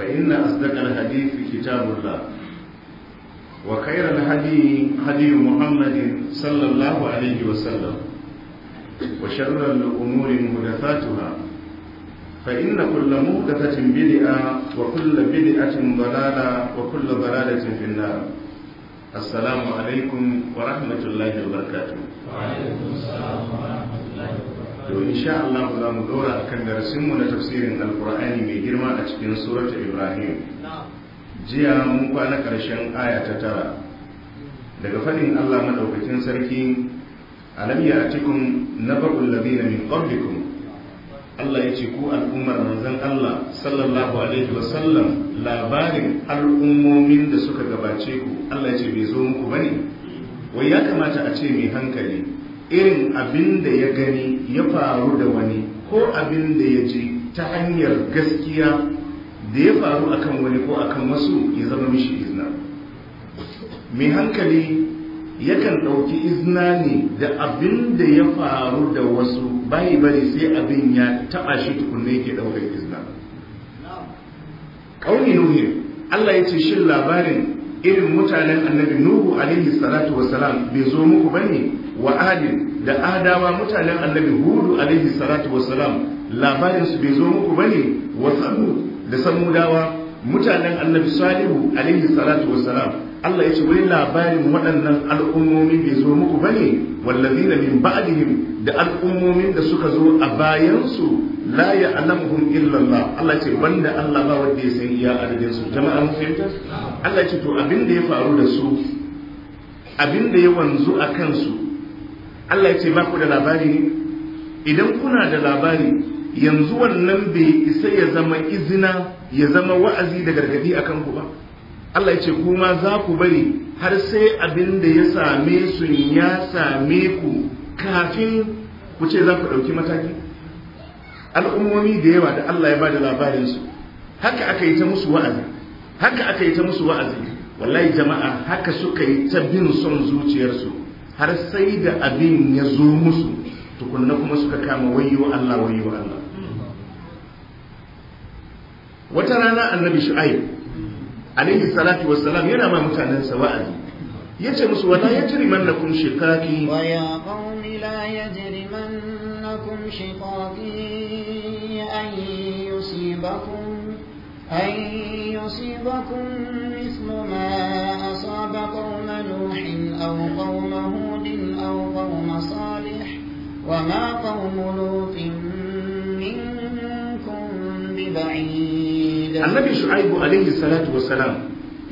فإن أصدق الحديث كتاب الله وخير الهدي هدي محمد صلى الله عليه وسلم وشر الأمور محدثاتها فإن كل محدثة بدعة وكل بدعة ضلالة وكل ضلالة في النار السلام عليكم ورحمة الله وبركاته وعليكم السلام ورحمة الله to insha Allah za mu dora akan darasin mu na tafsirin alqur'ani mai girma a cikin surata ibrahim jiya mun kwana karshen aya ta tara daga fadin Allah madaukakin sarki alam ya'tikum naba'ul ladina min qablikum Allah ya ce ku al'ummar manzon Allah sallallahu alaihi wasallam labarin al'ummomin da suka gabace ku Allah ya ce bai zo muku bane wai ya kamata a ce mai hankali irin abin da ya gani ya faru da wani ko abin da ya ji ta hanyar gaskiya da ya faru akan wani ko akan wasu ya zama mishi izina mai hankali yakan ɗauki izina ne da abin da ya faru da wasu bayi bari sai abin ya taɓa shi tukunne ke ɗaukar izina ƙauni nuhin allah ya ce shin labarin irin mutanen annabi nuhu alaihi salatu wassalam bai zo muku bane wa adin da adawa mutanen annabi hudu alaihi salatu wassalam labarin su bai zo muku bane wa samud da samudawa mutanen annabi salihu alaihi salatu wassalam Allah ya ce wani labarin waɗannan al'ummomi bai zo muku bane wallazina min ba'dihim da al'ummomin da suka zo a bayansu la ya'lamuhum illa Allah Allah ce banda Allah ba wanda ya san iya adadin su jama'a mun Allah ce to abin da ya faru da su abin da ya wanzu a kansu Allah ce ba ku da labari ne idan kuna da labari yanzu wannan bai isa ya zama izina ya zama wa'azi da gargadi akan ku ba Allah ce kuma za ku bari har sai abin da ya same su ya same ku kafin ku ce za ku ɗauki mataki al'ummomi da yawa da Allah ya ba da labarinsu haka aka yi ta musu wa'azi haka aka yi ta musu wa'azi wallahi jama'a haka suka yi ta bin son zuciyarsu har sai da abin ya zo musu tukunna kuma suka kama wayo Allah wayo Allah wata rana annabi shu'aib alaihi salatu wassalam yana ma mutanensa wa'azi yace musu wala yajrimannakum shiqaqi wa ya qaumi la yajrimannakum شقاقه أن يصيبكم أن يصيبكم مثل ما أصاب قوم نوح أو قوم هود أو قوم صالح وما قوم لوط منكم ببعيد النبي شعيب عليه الصلاة والسلام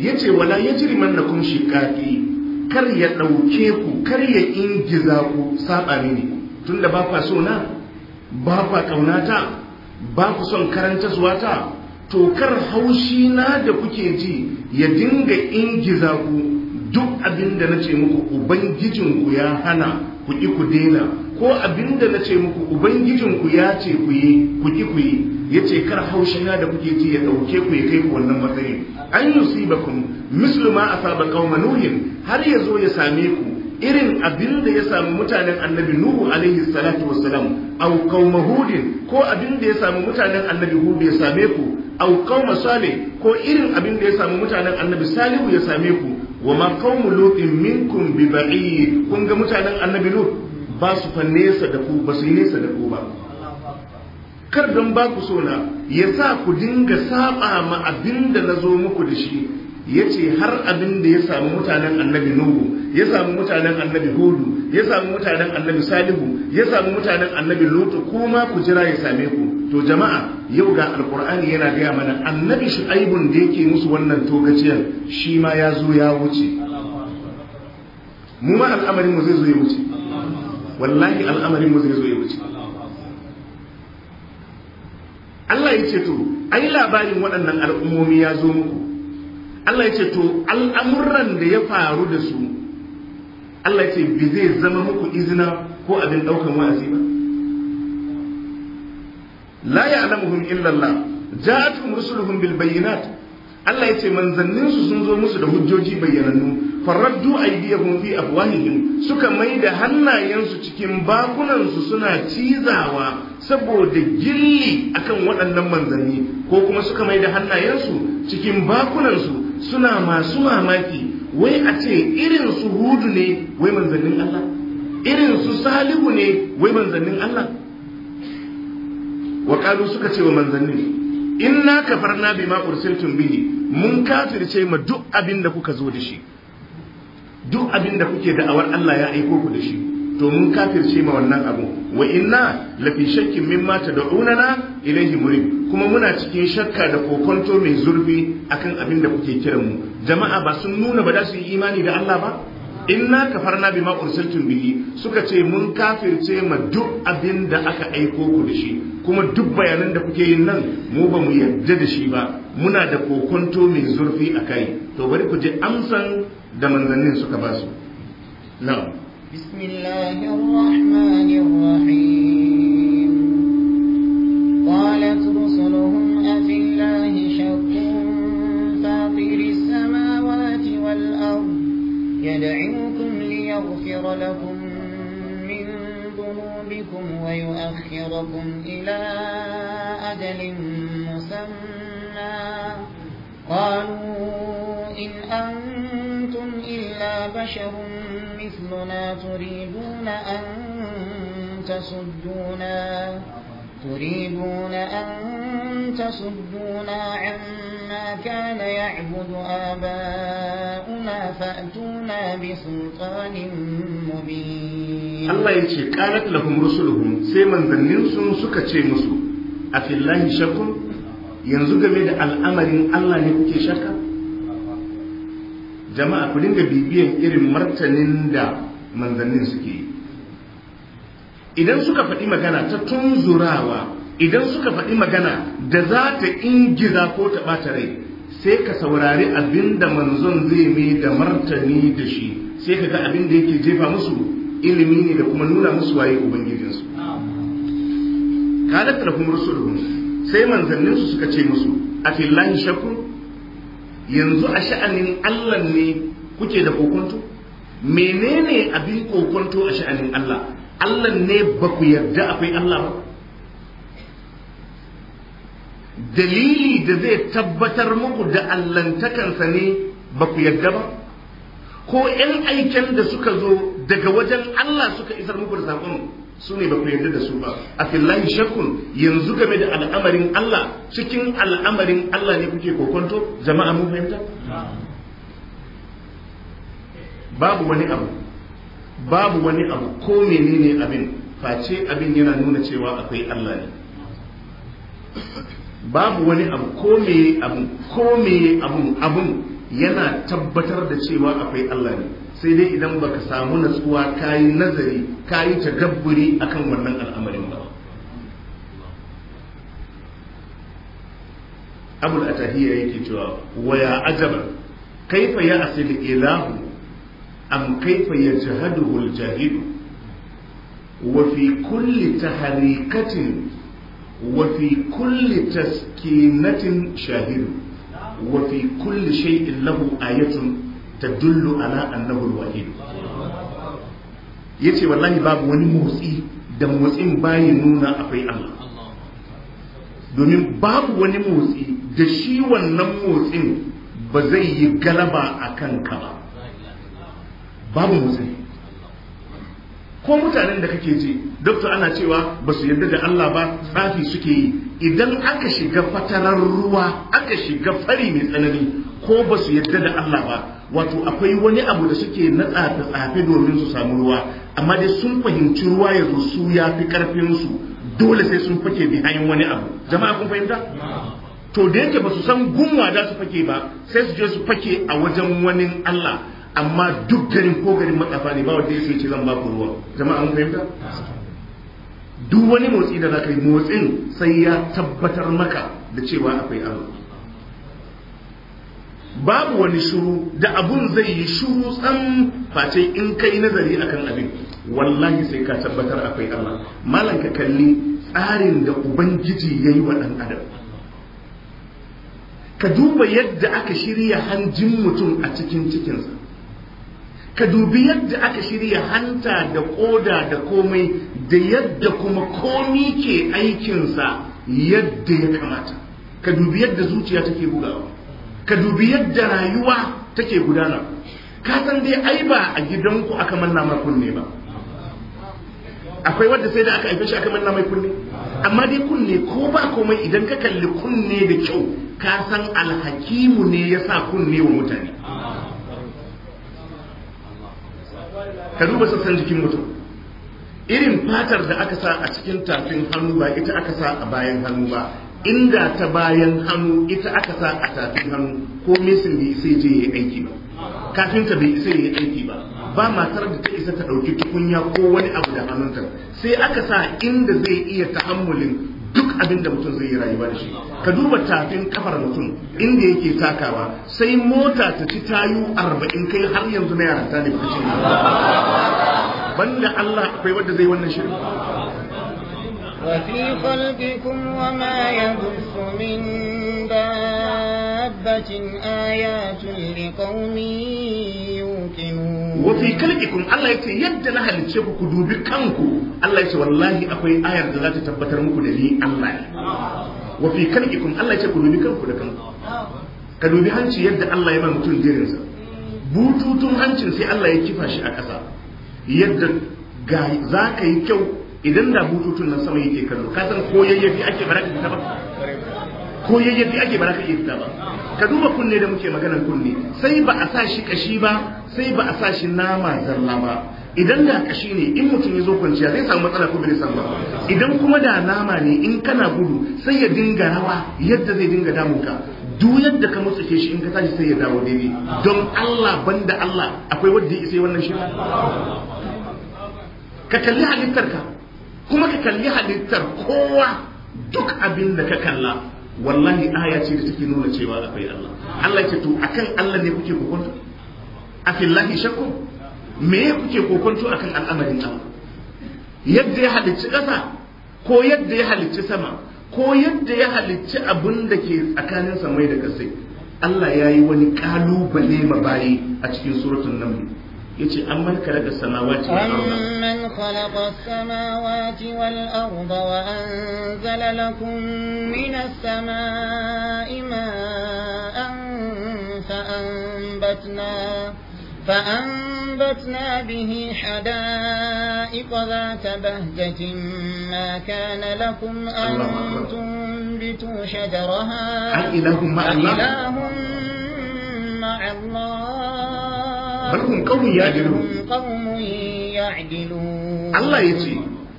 yace wala yajri mannakum shiqaqi kar ya dauke ku kar ya ingiza ku saba mini tunda ba kwa so na ba kwa ƙaunata ba ku son karanta ta to kar haushi na da kuke ji ya dinga ingiza ku duk abin da na ce muku ubangijinku ya hana ku ƙi ku daina ko abin da na ce muku ubangijinku ya ce ku yi ku ƙi ku yi ya ce kar haushina da kuke ji ya ɗauke ku ya kai ku wannan matsayin an yusibakum mislu ma asaba qauma nuhin har ya zo ya same ku irin abin da ya samu mutanen annabi nuhu alaihi salatu wasalam au kauma hudin ko abin da ya samu mutanen annabi hudu ya same ku au kauma sale ko irin abin da ya samu mutanen annabi salihu ya same ku wa ma kauma lutin minkum bi kun ga mutanen annabi Nuhu? ba su fa nesa da ku ba su yi nesa da ku ba kar don ba ku na, ya sa ku dinga saba ma abin da na zo muku da shi ya ce har abin da ya samu mutanen annabi nuhu ya samu mutanen annabi hudu ya samu mutanen annabi salihu ya samu mutanen annabi lutu kuma ku jira ya same ku to jama'a yau ga alkur'ani yana gaya mana annabi shu'aibun da yake musu wannan togaciyar shi ma ya zo ya wuce mu ma al'amarin mu zai zo ya wuce wallahi al'amarin mu zai zo ya wuce Allah ya ce to ai labarin waɗannan al'ummomi ya zo muku Allah ya ce to al'amuran da ya faru da su Allah ya ce bi zai zama muku izina ko abin ɗaukan wa'azi ba la ya'lamuhum illa Allah ja'atuhum rusuluhum bil bayyinat Allah ya ce manzanninsu sun zo musu da hujjoji bayyanannu faraddu aydiyahum fi afwahihim suka mai da hannayensu cikin bakunansu suna cizawa saboda gilli akan waɗannan manzanni ko kuma suka mai da hannayensu cikin bakunansu suna masu mamaki wai a ce irin su hudu ne wai manzannin Allah irin su salihu ne wai manzannin Allah wa suka ce wa manzannin inna kafarna bima ursiltum bihi mun kafirce ma duk abin da kuka zo da shi duk abin da kuke da'awar Allah ya aiko ku da shi to mun kafirce ma wannan abu wa inna lafi shakkin mimma na ilaihi murid kuma muna cikin shakka da kokonto mai zurfi akan abin da kuke kiran mu jama'a ba sun nuna ba da su yi imani da Allah ba inna kafarna bima ursiltum bihi suka ce mun kafirce ma duk abin da aka aiko ku da shi kuma duk bayanan da kuke yin nan mu ba mu yarda da shi ba muna da kokonto mai zurfi akai to bari ku je amsan da manzannin suka ba su na'am بسم الله الرحمن الرحيم قالت رسلهم أفي الله شك فاطر السماوات والأرض يدعوكم ليغفر لكم من ذنوبكم ويؤخركم إلى أجل مسمى قالوا إن أنتم إلا بشر مثلنا تريدون أن تصدونا تريدون أن تصدونا عما كان يعبد آباؤنا فأتونا بسلطان مبين الله يتي قالت لهم رسلهم سيمن ذنين سكتشي مسو أفي الله شكو ينزو game الأمر الله Allah ne jama'a ku dinga bibiyan irin martanin da manzannin suke yi idan suka faɗi magana ta tunzurawa idan suka faɗi magana da za ta ingiza ko ta ɓata rai sai ka saurari abin da manzon zai mai da martani da shi sai ka ga abin da yake jefa musu ilimi ne da kuma nuna musu waye ubangijinsu da tarafin rasulun sai manzanninsu suka ce musu a afillahi shakku yanzu a sha'anin Allah ne kuke da kokonto menene abin kokonto a sha'anin Allah Allah ne ba ku yarda akwai Allah ba dalili da zai tabbatar muku da allantakansa ne ba ku yarda ba ko 'yan aiken da suka zo daga wajen Allah suka isar muku da saƙon su ne ba ku yarda da su ba a fillahi shakkun yanzu game da al'amarin Allah cikin al'amarin Allah ne kuke kokonto jama'a mu fahimta babu wani abu babu wani abu ko menene abin face abin yana nuna cewa akwai Allah ne babu wani abu ko me abu ko me abu abun yana tabbatar da cewa akwai Allah ne sai dai idan baka samu natsuwa kayi nazari kayi tadabburi akan wannan al'amarin ba abul atahiyya yake cewa waya ajaba kaifa ya asili ilahu am kaifa ya yajhaduhu aljahilu wa fi kulli tahrikatin wa fi kulli taskinatin shahidu wa fi kulli shay'in lahu ayatun tadullu ala annahu alwahid yace wallahi babu wani motsi da motsin bayi nuna akwai Allah domin babu wani motsi da shi wannan motsin ba zai yi galaba a kanka ba babu motsi ko mutanen da kake ji doktor ana cewa ba su yarda da Allah ba tsafi suke yi idan aka shiga fatarar ruwa aka shiga fari mai tsanani ko ba su yadda da Allah ba wato akwai wani abu da suke na tsafe-tsafe domin su samu ruwa amma dai sun fahimci ruwa ya zo su ya fi su dole sai sun fake behind wani abu jama'a kun fahimta to da yake ba su san gunwa da su fake ba sai su je su fake a wajen wani Allah amma duk garin ko garin matsafa ne ba wanda ya ce zan ba ku ruwa jama'a kun fahimta duk wani motsi da za ka yi motsin sai ya tabbatar maka da cewa akwai Allah babu wani shuru da abun zai yi shuru tsan face in kai nazari akan abin wallahi sai ka tabbatar akwai Allah malan ka kalli tsarin da ubangiji yayi wa dan adam ka duba yadda aka shirya hanjin mutum a cikin cikinsa ka dubi yadda aka shirya hanta da koda da komai da yadda kuma komi ke aikinsa yadda ya kamata ka dubi yadda zuciya take bugawa ka dubi yadda rayuwa take gudana ka san dai ai ba a gidanku aka manna ma kunne ba akwai wanda sai da aka haife shi aka manna mai kunne amma dai kunne ko ba komai idan ka kalli kunne da kyau ka san alhakimu ne ya sa kunne wa mutane ka duba sassan jikin mutum irin fatar da aka sa a cikin tafin hannu ba ita aka sa a bayan hannu ba inda ta bayan hannu ita aka sa a tafin hannu ko mesin bai sai je yi aiki ba kafinta bai isa yi aiki ba ba matar da ta isa ta ɗauki tukunya ko wani abu da hannunta sai aka sa inda zai iya tahammulin duk abin da mutum zai yi rayuwa da shi ka duba tafin kafar mutum inda yake takawa sai mota ta ci tayu arba'in kai har yanzu na yaranta ne ba banda Allah akwai wanda zai wannan shirin وفي خلقكم وما يبث من دابة آيات لقوم يوقنون وفي خلقكم الله يتي يد لها لتشوفوا كدوبي كانكو الله يتي والله أخوي آيات ذات تبتر مكو دلي الله وفي خلقكم الله يتي كدو كانكو لكم كدو هانشي يد الله يما متون جيرنسا bututun hancin sai Allah ya kifa shi a ƙasa yadda za idan da bututun nan sama yake kallo ka san ko yayyafi ake bara ka ba ko yayyafi ake bara ka ba ka duba kunne da muke maganar kunne sai ba a sa shi kashi ba sai ba a sa shi nama zalla ba idan da kashi ne in mutum ya zo kwanciya zai samu matsala ko bai samu ba idan kuma da nama ne in kana gudu sai ya dinga rawa yadda zai dinga ka. duk yadda ka mutsuke shi in ka tashi sai ya dawo daidai don Allah banda Allah akwai wanda ya isa wannan shi ka kalli halittarka kuma ka kalli halittar kowa duk abin da ka kalla wallahi aya ce da take nuna cewa akwai Allah Allah ce to akan Allah ne kuke kokonto a fillahi shakku me kuke kokonto akan al'amarin Allah yadda ya halicci ƙasa ko yadda ya halicci sama ko yadda ya halicci abin da ke tsakanin samai da kasai Allah ya yi wani kalubale mabayi a cikin suratun naml yace amman khalaqa samawati wal arda amman khalaqa samawati wal arda wa anzala lakum minas samaa'i ma'an fa anbatna فأنبتنا به حدائق ذات بهجة ما كان لكم أن تنبتوا شجرها أإله مع الله bal hum qawmun ya'dilun Allah yace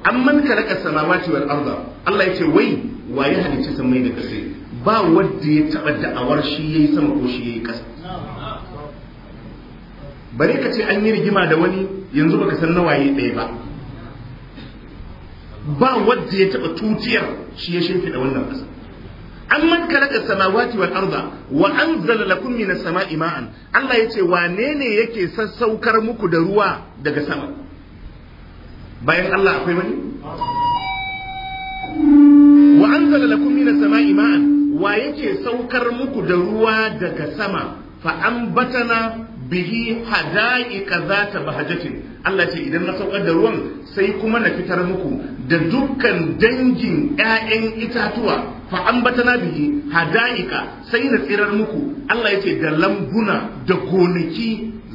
amman khalaqa samawati wal arda Allah yace wai waye san mai da kasai ba wanda ya taba da'awar shi yayi sama ko shi yayi kasa bare ka ce an yi rigima da wani yanzu baka san na waye ɗaya ba ba wanda ya taba tutiyar shi ya shimfida wannan kasa amman kalaka samawati wal arda wa anzala lakum as sama'i ma'an Allah yace wane ne yake sassaukar muku da ruwa daga sama bayan Allah akwai wani wa anzala lakum as sama'i ma'an wa yake saukar muku da ruwa daga sama fa ambatana bihi hada'iqa zata bahajatin Allah ce idan na saukar da ruwan sai kuma na fitar muku da dukkan dangin 'ya'yan itatuwa fa an batana bihi hada'ika sai na tsirar muku Allah yace da lambuna da gonaki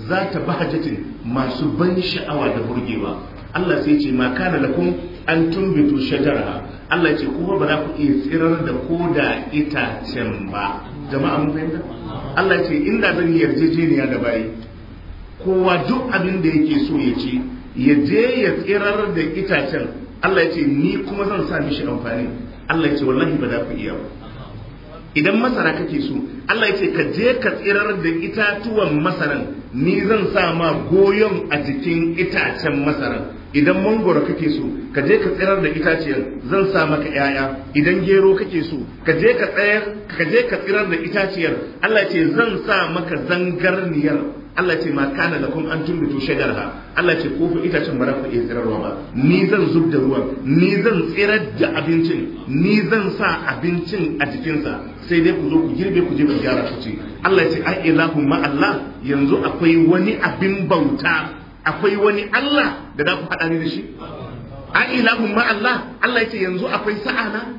za ta bahajatin masu ban sha'awa da burgewa Allah sai ce ma kana lakum an tumbitu shajara Allah ce kuma ba za ku iya tsirar da koda itacen ba jama'a mun fahimta Allah yace inda zan yarjejeniya da bayi kowa duk abin da yake so ya ce, ya je ya tsirar da itacen Allah ya ce ni kuma zan sa mishi amfani Allah ya ce wallahi ba za ku iya ba idan masara kake so Allah ya ce ka je ka tsirar da itatuwan masaran ni zan sa ma goyon a jikin itacen masaran idan mangoro kake so ka je ka tsirar da itaciyar zan sa maka yaya idan gero kake so ka je ka tsayar ka je ka tsirar da itaciyar Allah ya ce zan sa maka zangarniyar Allah ce ma kana kun an tumbitu ha? Allah ce ko itacen ba ku iya tsirarwa ba ni zan zub da ruwan ni zan tsirar da abincin ni zan sa abincin a jikinsa sai dai ku zo ku girbe ku je ku gyara ku ci Allah ce ai ilahu ma Allah yanzu akwai wani abin bauta akwai wani Allah da za ku haɗa ni da shi ai ilahu ma Allah Allah ya ce yanzu akwai sa'ana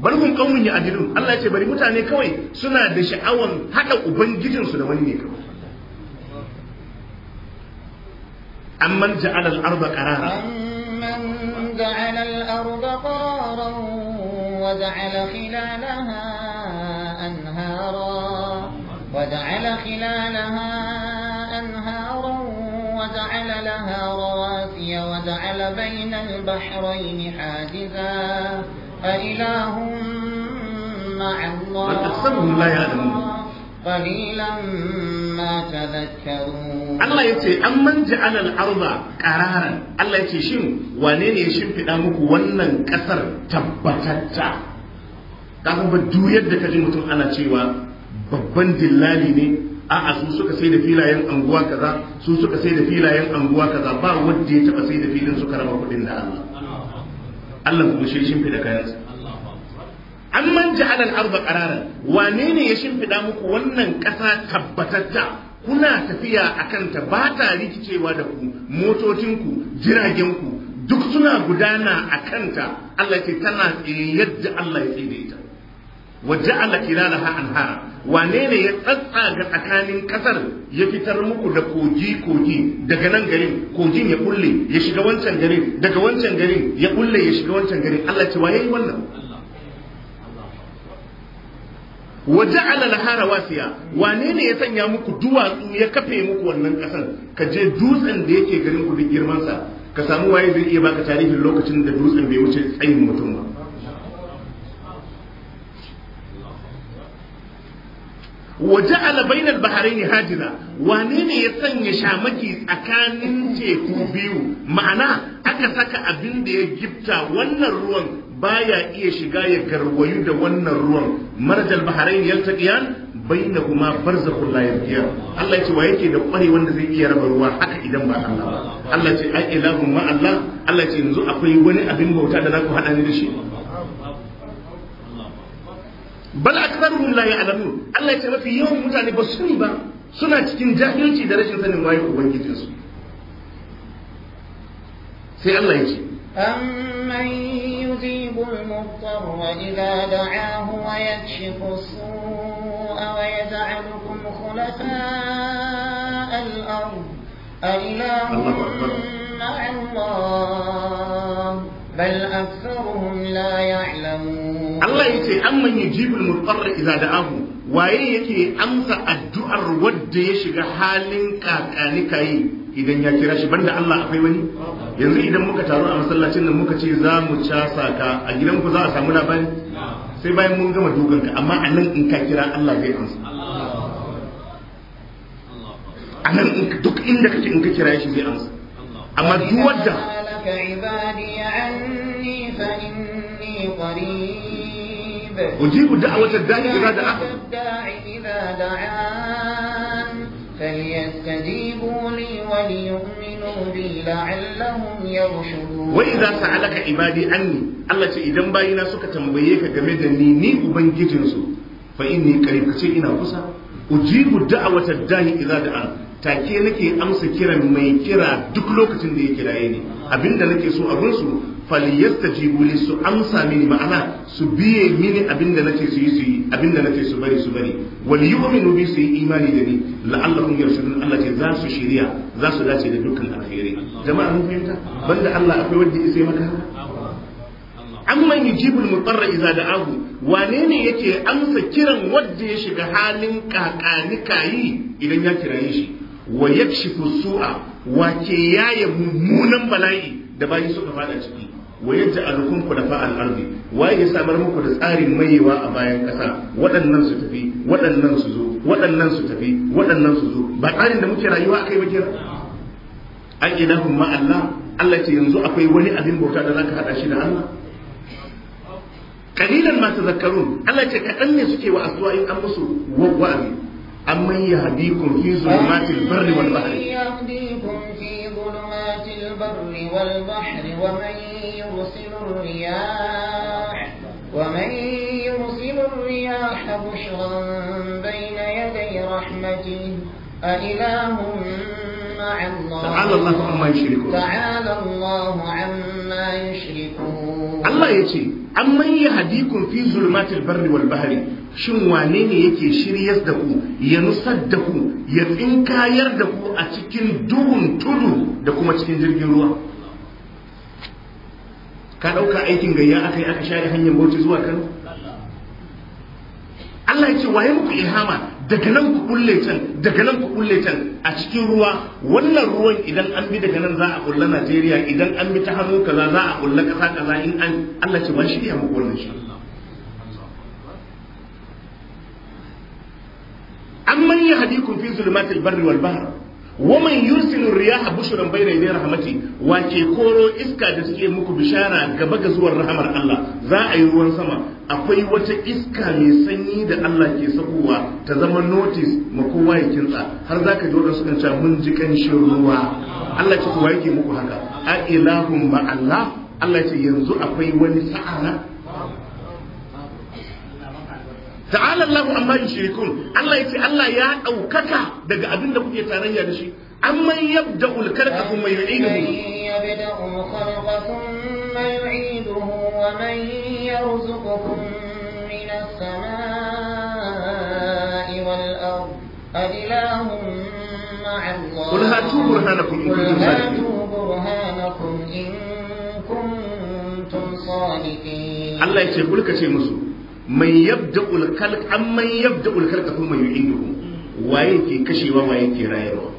bari kun kaumin ya adilu Allah ya ce bari mutane kawai suna da sha'awan haɗa ubangijinsu da wani ne kawai أمن جعل الأرض قرارا أمن جعل الأرض قرارا وجعل خلالها أنهارا وجعل خلالها أنهارا وجعل لها رواسي وجعل بين البحرين حاجزا أإله مع الله بل أقسمهم لا يعلمون Allah ya ce, An manja alal arba ƙararan, Allah ya ce, Shin wane ne ya shimfiɗa muku wannan ƙasar tabbatatta? Kafin ba yadda ka ji mutum ana cewa babban dillali ne, a'a su suka sai da filayen anguwa kaza, su suka sai da filayen anguwa kaza ba wanda ya taɓa sai da filin suka raba kuɗin da Allah. Allah kuma shi shimfiɗa kayansa. An ja'ala alal arba qararan wane ne ya shimfida muku wannan ƙasa tabbatatta kuna tafiya a kanta ba ta rikicewa da ku motocinku jiragenku duk suna gudana a kanta Allah ce tana tsire yadda Allah ya tsire ta waje Allah kilalaha anhara wane ne ya tsatsa ga tsakanin kasar ya fitar muku da kogi kogi daga nan garin kogin ya kulle ya shiga wancan garin daga wancan garin ya kulle ya shiga wancan garin Allah ce waye wannan wa ja'ala laha rawasiya wane ne ya sanya muku duwatsu ya kafe muku wannan kasar ka je dutsen da yake garin ku duk girman sa ka samu waye zai iya baka tarihin lokacin da dutsen bai wuce tsayin mutum ba wa ja'ala bainal bahraini hajira wane ne ya sanya shamaki tsakanin teku biyu ma'ana aka saka abin da ya gifta wannan ruwan baya iya shiga ya garwayu da wannan ruwan marjal baharain yaltaqiyan bainahuma barzakhul la yabghiya Allah ce wa yake da kware wanda zai iya raba ruwa haka idan ba Allah ba Allah ce ai ilahu ma Allah Allah ce yanzu akwai wani abin bauta da zaku hada ni da shi bal aktharuhum la ya'lamun Allah ya ce mafi yawan mutane ba su ba suna cikin jahilci da rashin sanin waye ubangijinsu sai Allah ya ce أمن يجيب المضطر إذا دعاه ويكشف السوء ويجعلكم خلفاء الأرض أإله مع الله بل أكثرهم لا يعلمون الله يتي أمن يجيب المضطر إذا دعاه waye yake amsa addu'ar wadda ya shiga halin kakani kayi idan ya kira shi banda Allah akwai wani yanzu idan muka taru a masallacin nan muka ce za mu ca ka a gidanku za a samu labari sai bayan mun gama dogon ka amma a nan in ka kira Allah zai amsa a nan duk inda kake in ka kira shi zai amsa amma duk wadda أجيب دعوة الداعي إذا دعان فليستجيبوا لي وليؤمنوا بي لعلهم يرشدون وإذا سألك عبادي عني الله إذا باينا سكة مبيكة جميدا نيني وبنجيجنسو فإني قريب كتير إنا كسا أجيب دعوة الداعي إذا دعان take nake amsa kiran mai kira duk lokacin da yake kiraye ni abinda nake so a gunsu falyastajibu li su amsa mini ma'ana su biye mini abinda nace su yi su yi abinda nace su bari su bari wal yu'minu bi su yi imani da ni la'allahum yarshudun Allah ce za su shiriya za su dace da dukkan alkhairi jama'a mun fahimta banda Allah akwai wanda ya sai maka amman yujibul mutarra idza da'ahu wane ne yake amsa kiran wanda ya shiga halin kakani kayi idan ya kiraye shi wa yakshifu su'a wace yaye mummunan bala'i da bayi suka fada ciki wa yaj'alukum da al al'adu, waye ya samar muku da tsarin mayewa a bayan kasa waɗannan su tafi waɗannan su zo waɗannan su tafi waɗannan su zo ba tsarin da muke rayuwa akai ba kira an ilahum ma Allah Allah ce yanzu akwai wani abin bauta da zaka haɗa shi da Allah kalilan ma tazakkarun Allah ce kaɗan ne suke wa asuwa in an musu wa'azi amman yahdikum fi zulumatil barri wal bahri البر والبحر ومن يرسل الرياح ومن يرسل الرياح بشرا بين يدي رحمته أإله مع الله تعالى الله عما يشركون تعالى الله عما يشركون Allah ya ce amman hadikun fi zulmatul barri wal bahri shin wane ne yake shiryar da ku ya nusar da ku ya tsinkayar da ku a cikin duhun tudu da kuma cikin jirgin ruwa ka ɗauka aikin gayya aka aka share hanyar bauchi zuwa kano Allah ya ce waye muku ilhama daga nan ku kulle can nan ku a cikin ruwa wannan ruwan idan an bi daga nan za a kulla Najeriya idan an bi ta hannu kaza za a kulla kasa kaza in an Allah ce ba shi iya muku wannan shi amman yahdikum fi zulumatil barri wal bahr waman yursilu riyaha bushran bayna yaday rahmati wa ke koro iska da suke muku bishara gaba ga zuwan rahamar Allah za a yi ruwan sama akwai wata iska mai sanyi da Allah ke sakowa ta zama notice ma kowa ya kintsa har zaka ji wadansu kan cewa mun ji kanshin ruwa Allah ce kowa yake muku haka a ilahun ba Allah Allah ce yanzu akwai wani sa'ana ta'ala Allahu amma yushrikun Allah yace Allah ya daukaka daga abin da kuke tarayya da shi amma yabda'ul khalqa kuma yu'iduhu yabda'ul yu'iduhu wa man يرزقكم من السماء والأرض أإله مع الله قل هاتوا برهانكم إن كنتم صادقين الله يقول لك شيء مسلم من يبدأ الخلق أم من يبدأ الخلق ثم يعيده waye ke kashewa waye ke rayarwa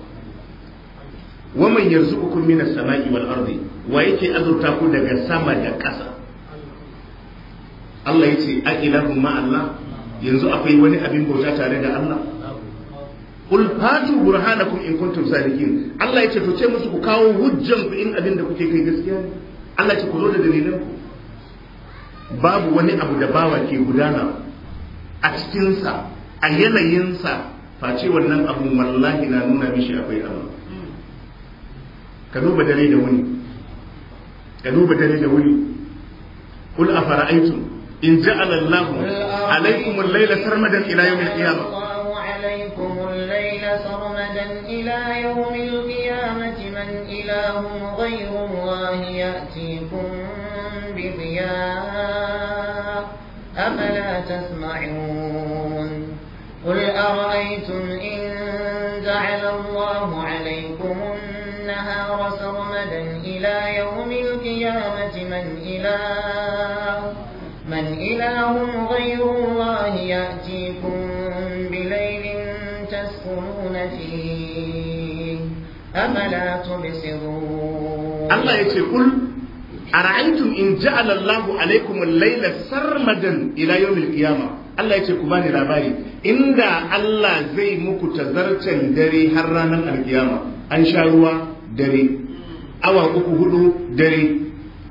waman yarzuqukum minas sama'i wal ardi waye ke azurta ku daga sama da ƙasa Allah ya ce a ilahun Allah yanzu akwai wani abin bauta tare da Allah kul burhana burhanakum in kuntum sadiqin Allah ya ce to ce musu ku kawo hujjan ku in abin da kuke kai gaskiya ne Allah ya ce ku zo da dalilan ku babu wani abu da bawa ke gudana a cikinsa a yanayinsa face wannan abu wallahi na nuna mishi akwai Allah ka duba dare da wuni ka duba dare da wuni kul afara'aytum إن جعل الله عليكم الليل سرمدا إلى يوم القيامة عليكم الليل سرمدا إلى يوم القيامة من إله غير الله يأتيكم بضياء أفلا تسمعون قل أرأيتم إن جعل الله عليكم النهار سرمدا إلى يوم القيامة من إله من إله غير الله يأتيكم بليل تسكنون فيه أفلا تبصرون الله يقول أرأيتم إن جعل الله عليكم الليل سرمدا إلى يوم القيامة Allah ya ce ku bani labari inda Allah zai muku tazarcen dare har ranar alkiyama an sha ruwa dare awa uku hudu dare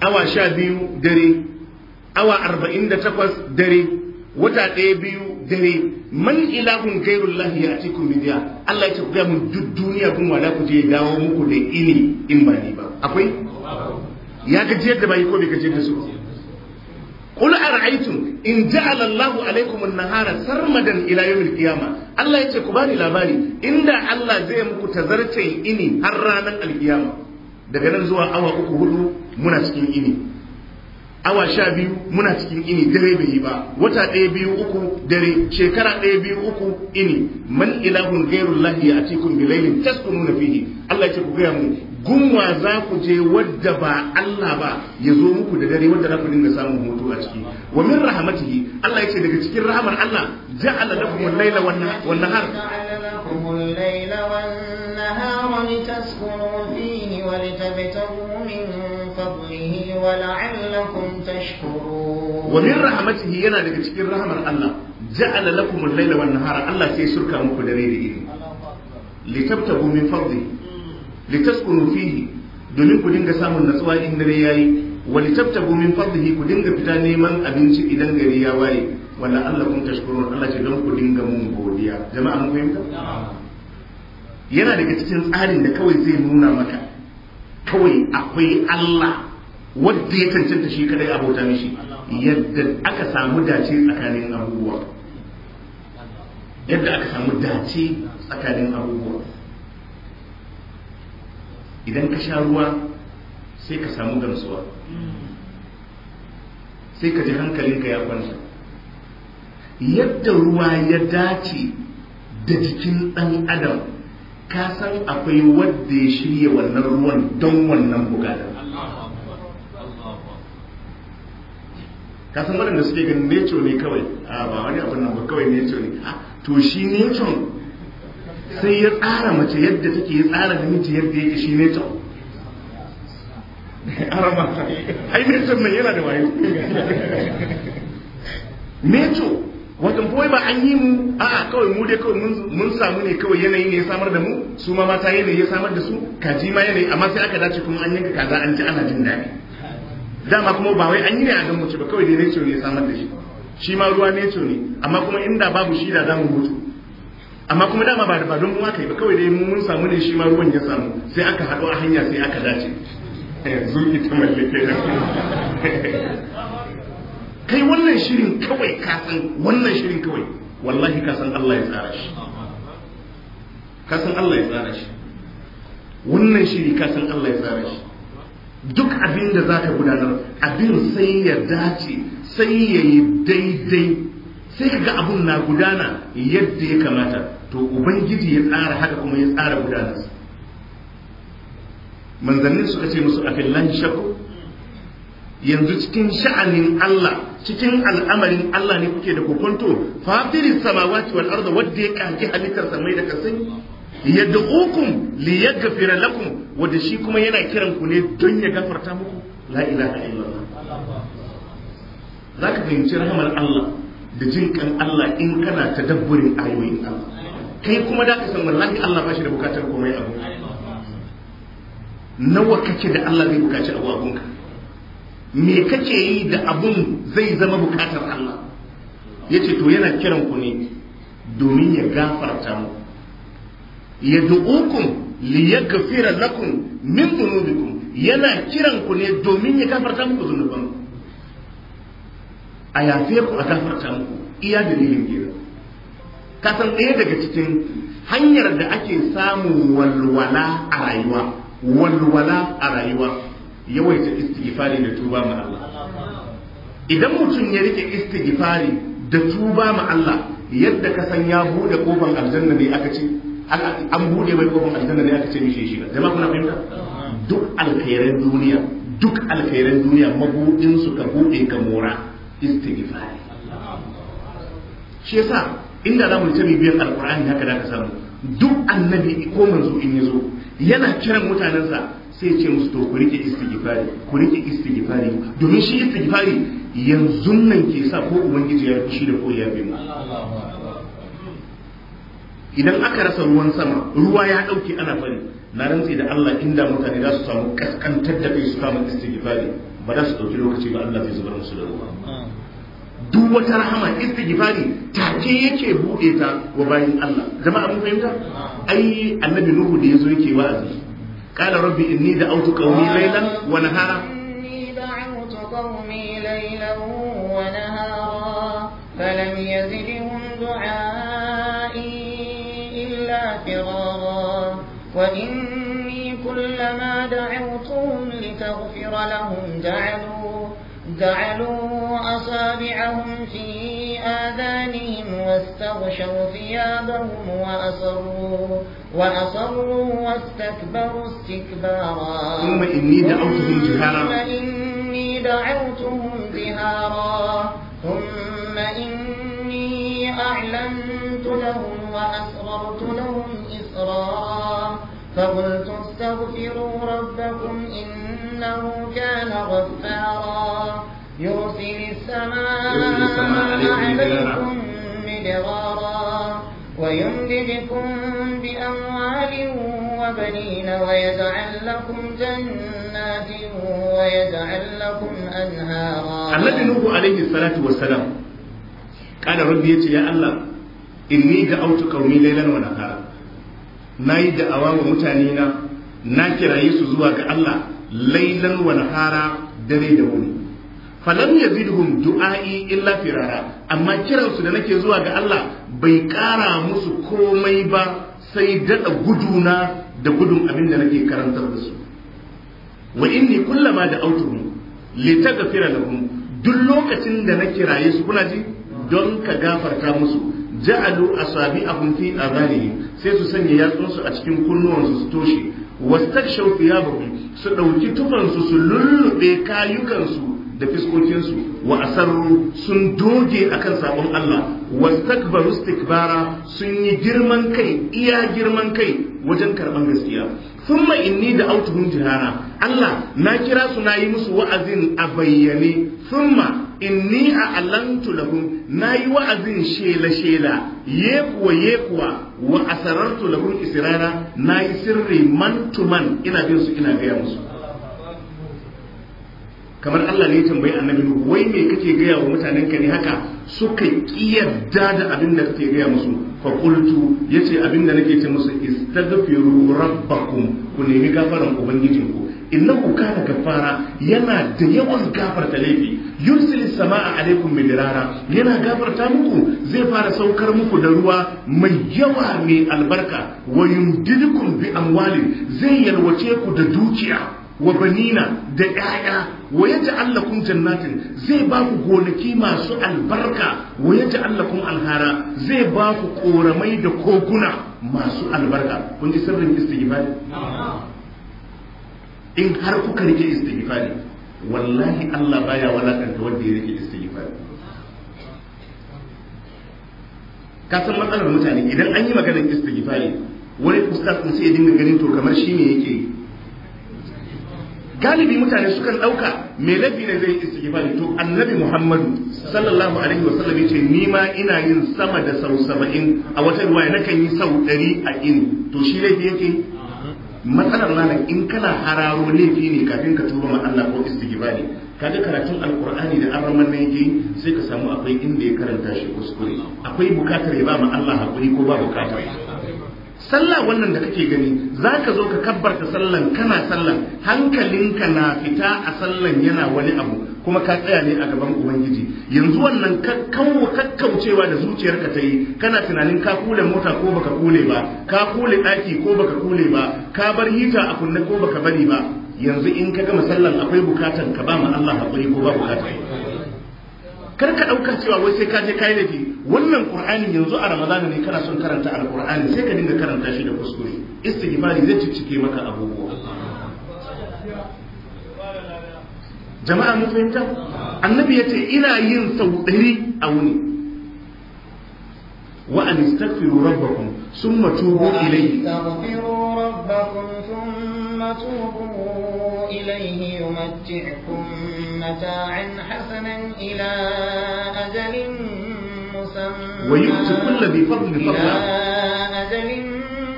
awa sha biyu dare awa arba'in da takwas dare wata ɗaya biyu dare man ilahun gairun lahiya ci kumidiya Allah ya ce kuma mun duk duniya kuma wala ku je dawo muku da ini in ba ni ba akwai ya gaji yadda ba yi ko bai ka da su qul ara'aytum in ja'ala Allah alaykum nahara sarmadan ila yawmil Allah ya ce ku bani labari inda Allah zai muku tazarce ini har ranar al daga nan zuwa awa uku hudu muna cikin ini awa sha biyu muna cikin ini dare bai ba wata ɗaya biyu uku dare shekara ɗaya biyu uku ini man ilahun lahi a cikin bilailin nuna fihi Allah ya ce ku gaya mu gunwa za ku je wadda ba Allah ba ya zo muku da dare wadda za ku dinga samun hutu a ciki wa min rahmatihi Allah ya ce daga cikin rahmar Allah ja'ala lakum al-laila wan nahar ولعلكم تشكرون ومن yana daga cikin rahmar Allah ja'ala lakum al-layla wan nahara Allah sai surka muku dare da yini litabtagu min fadli fihi domin ku dinga samun natsuwa in dare yayi wa litabtagu min fadlihi ku dinga fita neman abinci idan gari ya waye wala Allah kun tashkurun Allah ce don ku dinga mun godiya jama'a mun fahimta yana daga cikin tsarin da kawai zai nuna maka kawai akwai Allah wadda ya cancanta shi kadai abota mishi yadda aka samu dace tsakanin abubuwa yadda aka samu dace tsakanin abubuwa idan ka sha ruwa sai ka samu gamsuwa sai ka ji hankalinka ya kwanta yadda ruwa ya dace da jikin ɗan adam ka san akwai wadda ya shirya wannan ruwan don wannan bugadar ka san waɗanda suke ganin nature ne kawai a ba wani abin nan ba kawai nature ne to shi nature sai ya tsara mace yadda take ya tsara namiji yadda yake shi necon arama ai nature mai yana da wayo nature wajen boye ba an yi mu a kawai mu dai kawai mun samu ne kawai yanayi ne ya samar da mu su ma mata yanayi ya samar da su kaji ma yanayi amma sai aka dace kuma an yanka kaza an ji ana jin daɗi dama kuma ba wai an yi ne a don mutu ba kawai dai nature ne samar da shi shi ma ruwa nature ne amma kuma inda babu shi da zamu mutu amma kuma dama ba ba don kuma kai ba kawai dai mun samu ne shi ma ruwan ya samu sai aka haɗu a hanya sai aka dace eh, zurfi ta mallake da kai wannan shirin kawai ka san wannan shirin kawai wallahi ka san Allah ya tsara shi ka san Allah ya tsara shi wannan shiri ka san Allah ya tsara shi duk abin da zaka gudanar abin sai ya dace sai ya yi daidai sai ga abun na gudana yadda ya kamata to ubangiji ya tsara haka kuma ya tsara gudanar. manzannin suka ce musu a fillan shakku yanzu cikin sha'anin Allah cikin al'amarin Allah ne kuke da kokonto fatiris samawati wal arda wadda ya kage halittar samai da kasai yad'ukum liyaghfira lakum wanda shi kuma yana kiran ku ne don ya gafarta muku la ilaha illallah zaka fahimci rahamar Allah da jin kan Allah in kana tadabburin ayoyin Allah kai kuma da ka san wallahi Allah ba shi da bukatar komai abu nawa kake da Allah zai bukaci abu abunka me kake yi da abun zai zama bukatar Allah yace to yana kiran ku ne domin ya gafarta muku yad'ukum liyaghfira lakum min dhunubikum yana kiran ku ne domin ya kafarta muku zunuban a yafe ku a gafarta muku iya dalilin gida san ɗaya daga cikin hanyar da ake samun walwala a rayuwa walwala a rayuwa yawaita istighfari da tuba ma Allah idan mutum ya rike istighfari da tuba ma Allah yadda ka san ya bude kofar aljanna ne aka ce an bude mai kofin aljanna ne aka ce mishi shiga jama'a kuna fahimta duk alkhairan duniya duk alkhairan duniya mabuɗin su ka bude ka mora istighfar shi yasa inda za mu ce biyan alqur'ani haka da ka samu duk annabi ko manzo in yazo yana kiran mutanensa sai ce musu to ku rike istighfari ku rike istighfari domin shi istighfar yanzu nan ke sa ko ubangiji ya fushi da ko ya bi mu idan aka rasa ruwan sama ruwa ya dauke ana fari na rantsi da Allah inda mutane za su samu kaskantar da kai su kama istighfari ba za su dauki lokaci ba Allah zai zubar musu da ruwa duk wata rahama istighfari take yake bude ta wa bayin Allah jama'a mun fahimta ai annabi nuhu da yazo yake wa'azi qala rabbi inni da'awtu qaumi laylan wa nahara قومي ليلا ونهارا فلم يزدهم دعائي وإني كلما دعوتهم لتغفر لهم جعلوا, جعلوا أصابعهم في آذانهم واستغشوا ثيابهم وأصروا, وأصروا واستكبروا استكبارا ثم إني دعوتهم جهارا ثم إني دعوتهم جهارا ثم إني أعلنت لهم وأسررت لهم إسرارا فقلت استغفروا ربكم إنه كان غفارا يرسل السماء عليكم مدرارا ويمددكم بأموال وبنين ويجعل لكم جنات ويجعل لكم أنهارا الذي نوح عليه الصلاة والسلام قال ربي يا الله إني دعوت قومي ليلا ونهارا na yi da'awa wa mutane na na kiraye su zuwa ga Allah lailan wa nahara dare da wuni falam yazidhum du'ai illa firara amma kiransu da nake zuwa ga Allah bai kara musu komai ba sai dada guduna da gudun abin da nake karantar da su wa inni kullama da autuhum tagfira lahum duk lokacin da na kiraye su kuna ji don ka gafarta musu ja'alu asabi'ahum fi adhanihim sai su sanya yatsun su a cikin kunnuwansu su toshe wastakshaw thiyabahum su dauki tufansu su lullube kayukansu da fiskokinsu wa asarru sun doge akan sabon Allah wastakbaru istikbara sun yi girman kai iya girman kai wajen karban gaskiya thumma inni da autuhum jihara Allah na kira su na yi musu wa'azin a bayyane thumma inni a alantu lahum na yi wa'azin shela shela yekuwa yekuwa wa asarartu lahum israra na yi sirri man to man ina bin su ina gaya musu kamar Allah ne tambayi annabi wai me kake gaya wa mutanen ka ne haka suka kiyarda da abin da kake gaya musu fa qultu yace abin da nake ce musu istaghfiru rabbakum ku nemi gafaran ku innahu kana gafara yana da yawan gafarta laifi yursil samaa alaikum midrara yana gafarta muku zai fara saukar muku da ruwa mai yawa mai albarka wa yumdidukum bi amwali zai yalwace ku da dukiya wa banina da 'ya'ya, wa yaj'al allakun jannatin zai ba ku gonaki masu albarka wa yaj'al allakun alhara, zai ba ku koramai da koguna masu albarka kun ji sirrin istighfari in har kuka rike istighfari wallahi Allah baya walakanta wanda ya rike istighfari ka matsalar mutane idan an yi maganar istighfari wani kusa sun sai ya dinga ganin to kamar shi ne yake galibi mutane sukan ɗauka mai Nabi ne zai istighfari to annabi muhammadu sallallahu alaihi wa sallam yace ni ma ina yin sama da sau saba'in a wata ruwaya nakan yi sau ɗari a in to shi laifi yake matsalar nan in kana hararo laifi ne kafin ka tuba ma Allah ko istighfari kaga karatun alqur'ani da arman ne yake sai ka samu akwai inda ya karanta shi kuskure akwai bukatar ya ba ma Allah hakuri ko ba bukatar sallah wannan da kake gani za ka zo ka kabbarta sallan kana sallan hankalinka na fita a sallan yana wani abu kuma ka tsaya ne a gaban ubangiji yanzu wannan kakkaucewa da zuciyarka ta yi kana tunanin ka kule mota ko baka kule ba ka kule ɗaki ko baka kule ba ka bar hita a kunne ko baka bari ba yanzu in ka gama sallan akwai bukatan ka ba ma Allah haƙuri ko ba bukatan kar ka ɗauka cewa wai sai ka je kayi laifi wannan qur'ani yanzu a ramadana ne kana son karanta alqur'ani sai ka dinga karanta shi da kuskure istighfari zai cicike maka abubuwa jama'a mun fahimta annabi yace ina yin sau a wuni wa an istaghfiru rabbakum thumma tubu ilayhi إليه يمتعكم متاعا حسنا إلى أجل مسمى ويؤتي كل ذي فضل فضلا إلى أجل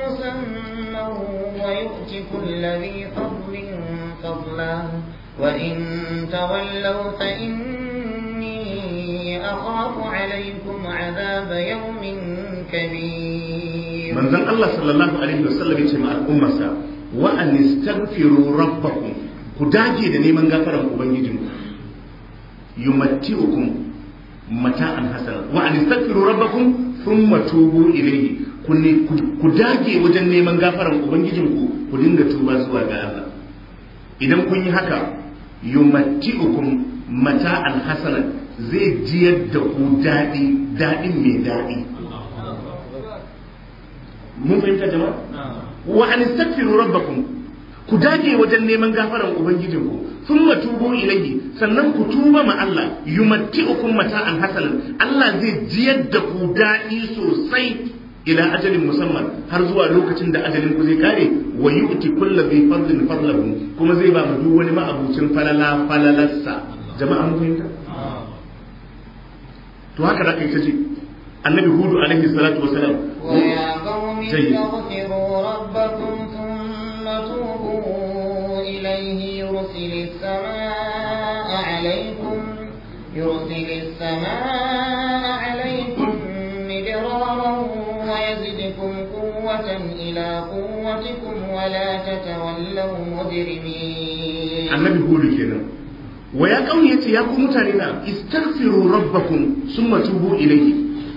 مسمى ويؤتي كل ذي فضل فضلا وإن تولوا فإني أخاف عليكم عذاب يوم كبير من ذن الله صلى الله عليه وسلم يتمع الأمة سابقا wa an istaghfiru rabbakum ku dage da neman gafaran ku yumatiukum mata'an hasan wa an istaghfiru rabbakum thumma tubu ilayhi ku ne ku dage wajen neman gafaran ubangijin ku dinga tuba zuwa ga Allah idan kun yi haka yumatiukum mata'an hasan zai jiyar da ku daɗi daɗin mai daɗi mun fahimta jama'a wa an istaghfiru rabbakum ku dage wajen neman gafaran ubangijinku sun tubu ilayhi sannan ku tuba ma Allah yumatti'ukum mata'an hasan Allah zai jiyar da ku dadi sosai ila ajalin musamman har zuwa lokacin da ajalin ku zai kare wa yu'ti kullu bi fadlin fadlahu kuma zai ba mu duk wani ma'abucin falala falalarsa jama'a mun fahimta to haka da kai ce annabi hudu alaihi salatu wasalam ويا قوم استغفروا ربكم ثم توبوا إليه يرسل السماء عليكم يرسل السماء عليكم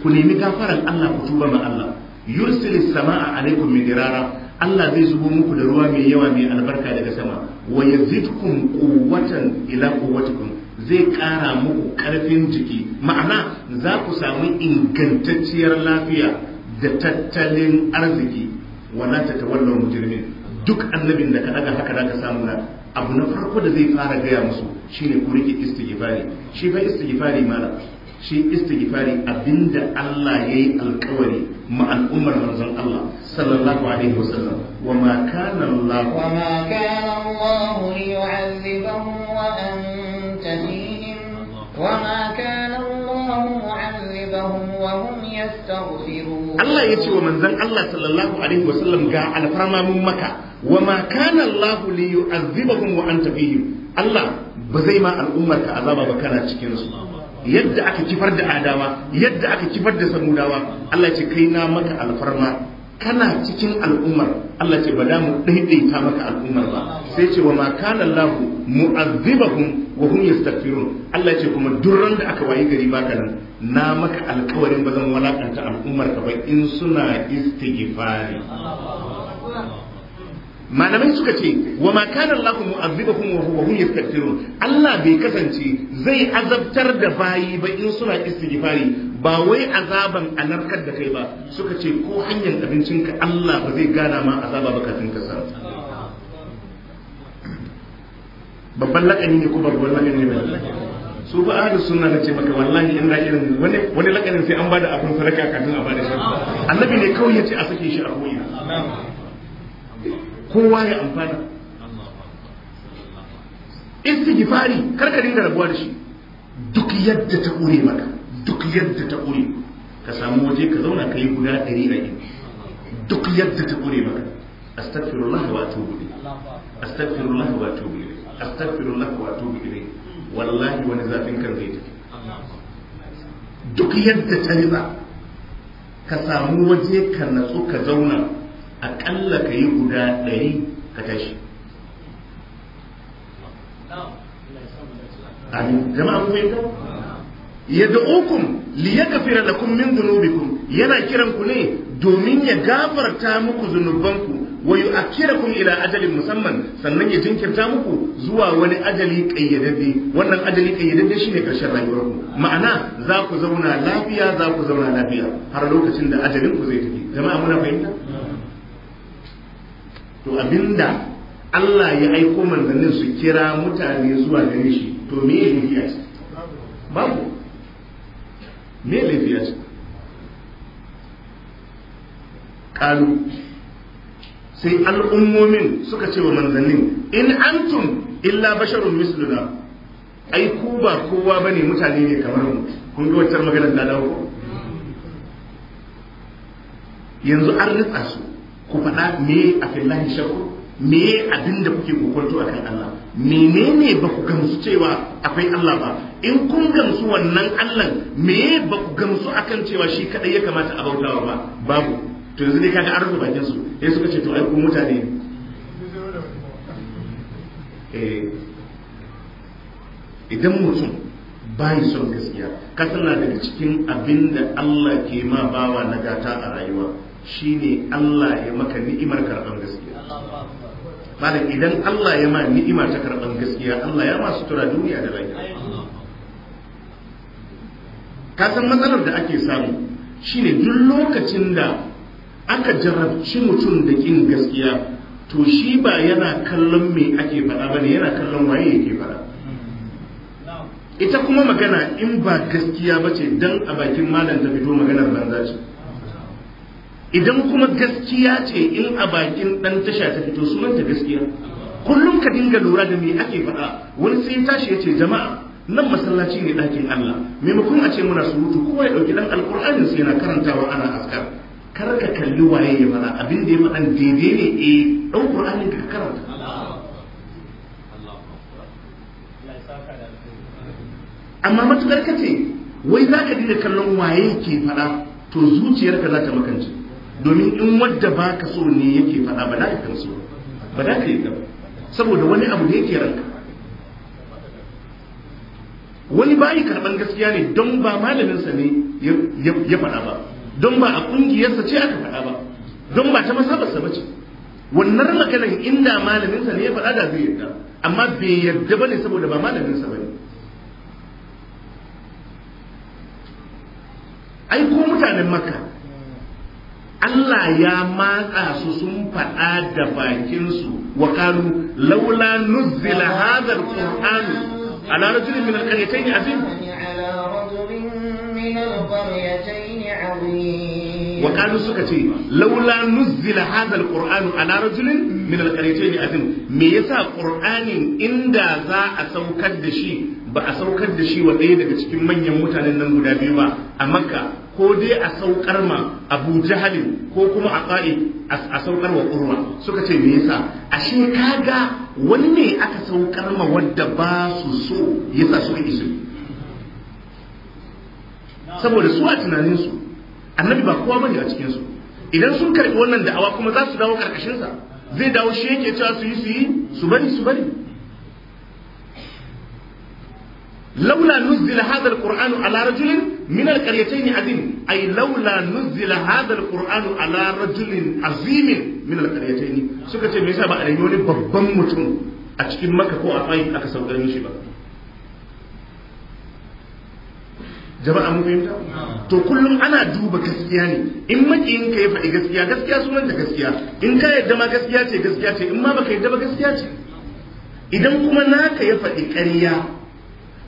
ku nemi gafaran Allah ku tuba ma Allah yursil samaa alaykum midrara Allah zai zubo muku da ruwa mai yawa mai albarka daga sama wa yazidkum quwwatan ila quwwatikum zai ƙara muku karfin jiki ma'ana za ku samu ingantacciyar lafiya da tattalin arziki wala ta tawallar duk annabin da ka daga haka za ka samu na abu na farko da zai fara gaya musu shine ku rike istighfari shi fa istighfari malam. shi istighfari abinda Allah yayi alkawari ma al'ummar manzon Allah sallallahu alaihi wasallam wa ma kana Allah wa ma kana Allah liyu'adhibahum wa anta fihim wa ma kana Allah mu'adhibahum wa hum yastaghfirun Allah yace wa manzon Allah sallallahu alaihi wasallam ga alfarma mun maka wa ma kana Allah liyu'adhibahum wa anta fihim Allah ba zai ma al'ummar ka azaba ba kana cikin su yadda aka kifar da adawa yadda aka kifar da samudawa Allah ce kai na maka alfarma kana cikin al'ummar Allah ce ba da mu daidaita maka al'ummar ba sai ce wa ma kana Allah mu'azzibahum wa hum yastaghfirun Allah ce kuma duran da aka wayi gari baka nan na maka alƙawarin ba zan walakanta al'ummar ka ba in suna istighfari malamai suka ce wa ma kana Allah mu'azzibakum wa huwa hum yastaghfirun Allah bai kasance zai azabtar da bayi ba in suna istighfari ba wai azaban anarkar da kai ba suka ce ko hanyar abincinka Allah ba zai gana ma azaba ba kafin ka sa babban lakani ne ko babban lakani ne mai su ba suna sunna ce maka wallahi in da irin wani wani sai an bada abin sadaka kafin a bada shi annabi ne kawai ya ce a sake shi a ruwa kowa ya amfana istighfari kar ka dinga rabuwa da shi duk yadda ta ƙure maka duk yadda ta ƙure ka samu waje ka zauna ka yi guda ɗari a yau duk yadda ta ƙure maka astaghfirullah wa atubu ilayhi astaghfirullah wa atubu ilayhi astaghfirullah wa atubu ilayhi wallahi wani zafin kan zai tafi duk yadda ta riba ka samu waje ka natsu ka zauna aƙalla ka yi guda ɗari ka tashi amin jama'a ku fahimta yad'ukum da lakum min dhunubikum yana kiran ku ne domin ya gafarta muku zunubanku wa yu'akkirakum ila ajalin musamman sannan ya jinkirta muku zuwa wani ajali kayyadadde wannan ajali kayyadadde shine karshen rayuwarku ma'ana za ku zauna lafiya za ku zauna lafiya har lokacin da ajalin ku zai tafi jama'a muna fahimta to abinda Allah ya aiko manzannin su kira mutane zuwa gare shi to me ya laifi a babu me ya laifi a kalu sai al'ummomin suka ce wa manzannin in antum illa basharun misluna ai ku ba kowa bane mutane ne kamar mu kun ga wacce maganar da dawo yanzu an ritsa su ku faɗa me a fillahi shakku me abin da kuke kokonto a kan Allah menene ba ku gamsu cewa akwai Allah ba in kun gamsu wannan Allah me ba ku gamsu akan cewa shi kadai ya kamata a bautawa ba babu to yanzu dai kaga an rufe bakin su sai suka ce to ai ku mutane eh idan mutum bai son gaskiya kasana daga cikin abin da Allah ke ma bawa na gata a rayuwa Shi ne Allah ya maka ni'imar karɓar gaskiya malam idan Allah ya ma ni'ima ta karɓar gaskiya Allah ya masu tura duniya da rai. ka san matsalar da ake samu shi ne duk lokacin da aka jarabci mutum da kin gaskiya to shi ba yana kallon me ake faɗa ne, yana kallon waye yake faɗa ita kuma magana in ba gaskiya ba ce don a bakin malam ta fito maganar banza ce idan kuma gaskiya ce in a bakin dan tasha ta fito sunanta gaskiya kullum ka dinga lura da me ake faɗa wani sai tashi ya ce jama'a nan masallaci ne ɗakin Allah maimakon a ce muna surutu kowa ya ɗauki ɗan alƙur'anin sai yana karantawa ana askar kar ka kalli waye ya faɗa abin da ya faɗa daidai ne eh ɗan ƙur'anin ka karanta amma matukar ka ce wai za ka dinga kallon waye ke faɗa to zuciyarka za ta makance domin in wadda ba ka so ne yake faɗa ba da ka kansu ba da ka yi gaba saboda wani abu da yake ranka wani bayi karɓar gaskiya ne don ba malaminsa ne ya faɗa ba don ba a ƙungiyarsa ce aka faɗa ba don ba ta masa ba ce wannan maganar inda malaminsa ne ya faɗa da zai yadda amma bai yadda ba ne saboda ba malaminsa ba ne ai ko mutanen makka Allah ya matsa su sun faɗa da bakinsu wa kalu laula nuzzila hadha alquran ala rajulin min alqaryatayn azim wa kalu suka ce laula nuzzila hadha alquran ala rajulin min alqaryatayn azim me yasa qur'anin inda za a saukar da shi ba a saukar da shi wa ɗaya daga cikin manyan mutanen nan guda biyu ba a makka ko dai a saukar ma abu jahalin ko kuma a ƙa'i a saukar wa urwa suka ce me yasa a shi kaga wanne aka saukar ma wadda ba su so yasa suka isu saboda su a tunaninsu annabi ba kowa bane a cikinsu idan sun karɓi wannan da'awa kuma za su dawo ƙarƙashinsa zai dawo shi yake cewa su yi su yi su bari su bari laula nuzila hadha alqur'anu ala rajulin min alqaryatayn azim ay laula nuzila hadha alqur'anu ala rajulin azim min alqaryatayn suka ce me yasa ba a babban mutum a cikin maka ko a fayin aka saukar mishi ba jama'a mun fahimta to kullum ana duba gaskiya ne in makiyin ka ya faɗi gaskiya gaskiya sunan gaskiya in ka yadda gaskiya ce gaskiya ce in ma baka yadda ba gaskiya ce idan kuma naka ya faɗi ƙarya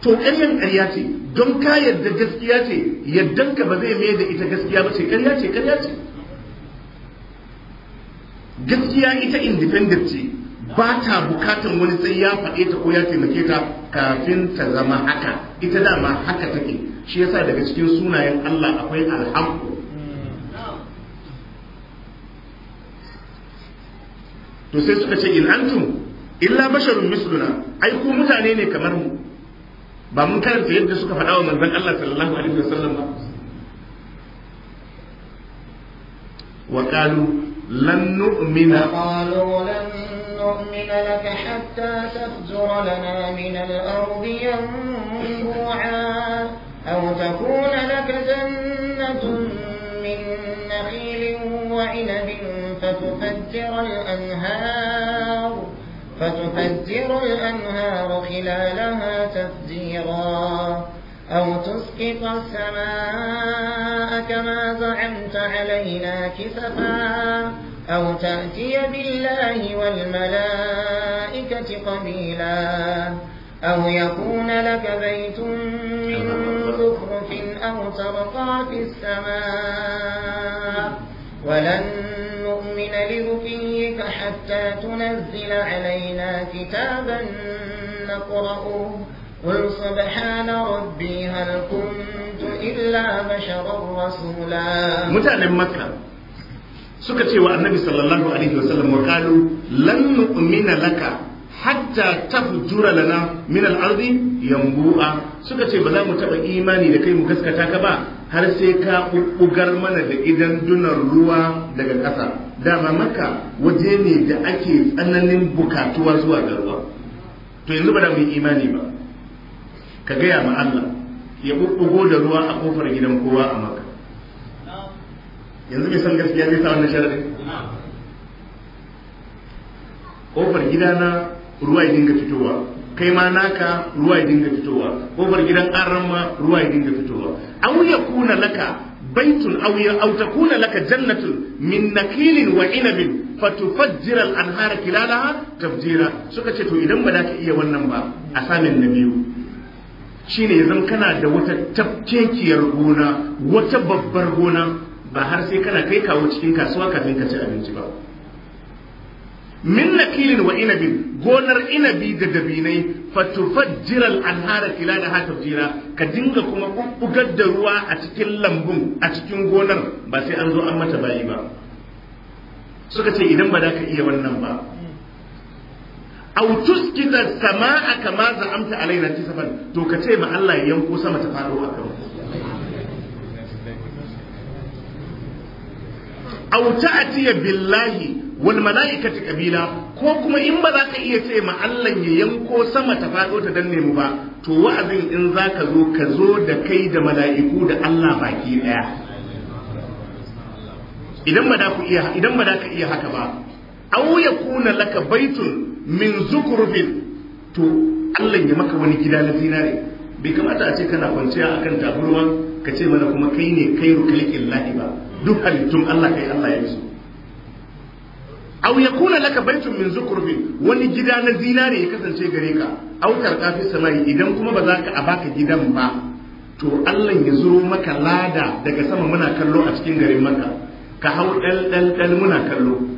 to ƙaryan ƙarya ce don ka yadda gaskiya ce yaddan ka ba zai mai da ita gaskiya ba ce ƙarya ce ƙarya ce gaskiya ita independent ce ba ta bukatan wani sai ya faɗe ta ko ya taimake ta kafin ta zama haka ita dama haka take shi yasa daga cikin sunayen Allah akwai alhaku to sai suka ce in antum illa basharun misluna ai ku mutane ne kamar mu ba mun karanta yadda suka faɗa wa manzon Allah sallallahu alaihi wasallam ba wa qalu lan nu'mina qalu lan نؤمن لك حتى تفجر لنا من الأرض ينبوعا أو تكون لك جنة من نخيل وعنب فتفجر الأنهار فتفجر الأنهار خلالها تفجيرا أو تسقط السماء كما زعمت علينا كسفا أو تأتي بالله والملائكة قبيلا أو يكون لك بيت من زخرف أو ترقى في السماء ولن نؤمن لرقيك حتى تنزل علينا كتابا نقرأه قل سبحان ربي هل كنت إلا بشرا رسولا متعلم مكة سكتي ce wa annabi sallallahu alaihi wasallam wa qalu lan nu'mina hatta tafjura lana min al-ardi yanbu'a suka ce ba za mu taba imani da kai mu gaskata ka ba har sai ka bubbugar mana da idan dunan ruwa daga ƙasa dama maka waje ne da ake tsananin bukatuwa zuwa ga ruwa to yanzu ba da mu imani ba ka gaya ma Allah ya bubbugo da ruwa a kofar gidan kowa a maka yanzu bai san gaskiya zai sa wannan sharadin kofar gidana ruwa ya dinga fitowa kai ma naka ruwa ya dinga fitowa kofar gidan aran ma ruwa ya dinga fitowa aw yakuna laka baitun aw aw takuna laka jannatun min nakilin wa inabin fatufajjira al-anhara kilalaha tafjira suka ce to idan ba za ka iya wannan ba a samin na biyu shine yanzu kana da wata tafkekiyar gona wata babbar gona ba har sai kana kai kawo cikin kasuwa kafin ka ci abinci ba min nakilin wa inabin gonar inabi da dabinai fatufajjiral anhara haka, tafjira ka dinga kuma bubbugar da ruwa a cikin lambun a cikin gonar ba sai an zo an mata bayi ba suka ce idan ba za ka iya wannan ba aw tuskita samaa kama za'amta alaina tisafan to ka ce ma Allah ya yanko sama ta faro akan ku aw ta'tiya billahi wal malaikati kabila ko kuma in ba za ka iya ce ma Allah ya yanko sama ta fado ta danne mu ba to wa'azin in za ka zo ka zo da kai da mala'iku da Allah baki daya idan ba za ku iya idan ba ka iya haka ba aw yakuna laka baitun min zukrubin to Allah ya maka wani gida na zinare bai kamata a ce kana kwanciya akan taburwan ka ce mana kuma kai ne kai rukalikin lahi ba duk halittun Allah kai Allah ya su ya kuna laka baitun min zukurfi wani gida na zinare ya kasance gare ka autar karqa fi samai idan kuma ba za ka a baka gidan ba to Allah ya zuro maka lada daga sama muna kallo a cikin garin maka ka hau dal muna kallo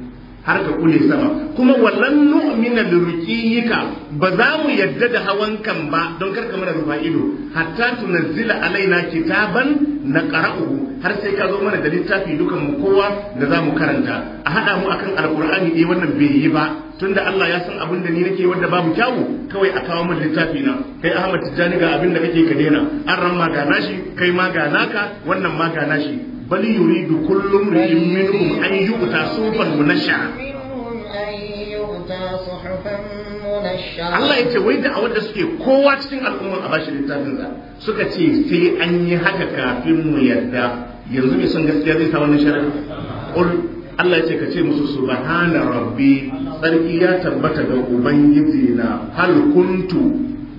har ka kule sama kuma wallan nu'mina lirqiyika ba za mu yadda da hawan kan ba don karka mana rufa ido hatta tunazzila alaina kitaban na naqra'uhu har sai ka zo mana da littafi dukan mu kowa da za mu karanta a hada mu akan alqur'ani eh wannan bai yi ba tunda Allah ya san abin da ni nake wanda babu kyawu kawai a kawo min littafi na kai Ahmad Tijjani ga abin da kake ka daina an ran ma ga kai ma ga wannan ma ga بل يريد كل امرئ منهم ان يؤتى صحفا منشأة Allah ya ce wai da awar da suke kowa cikin al'ummar a bashi littafin sa suka ce sai an yi haka kafin mu yarda yanzu mai son gaskiya zai sa wannan shari'a Allah ce ka ce musu subhana rabbi sarki ya tabbata ga ubangiji na hal kuntu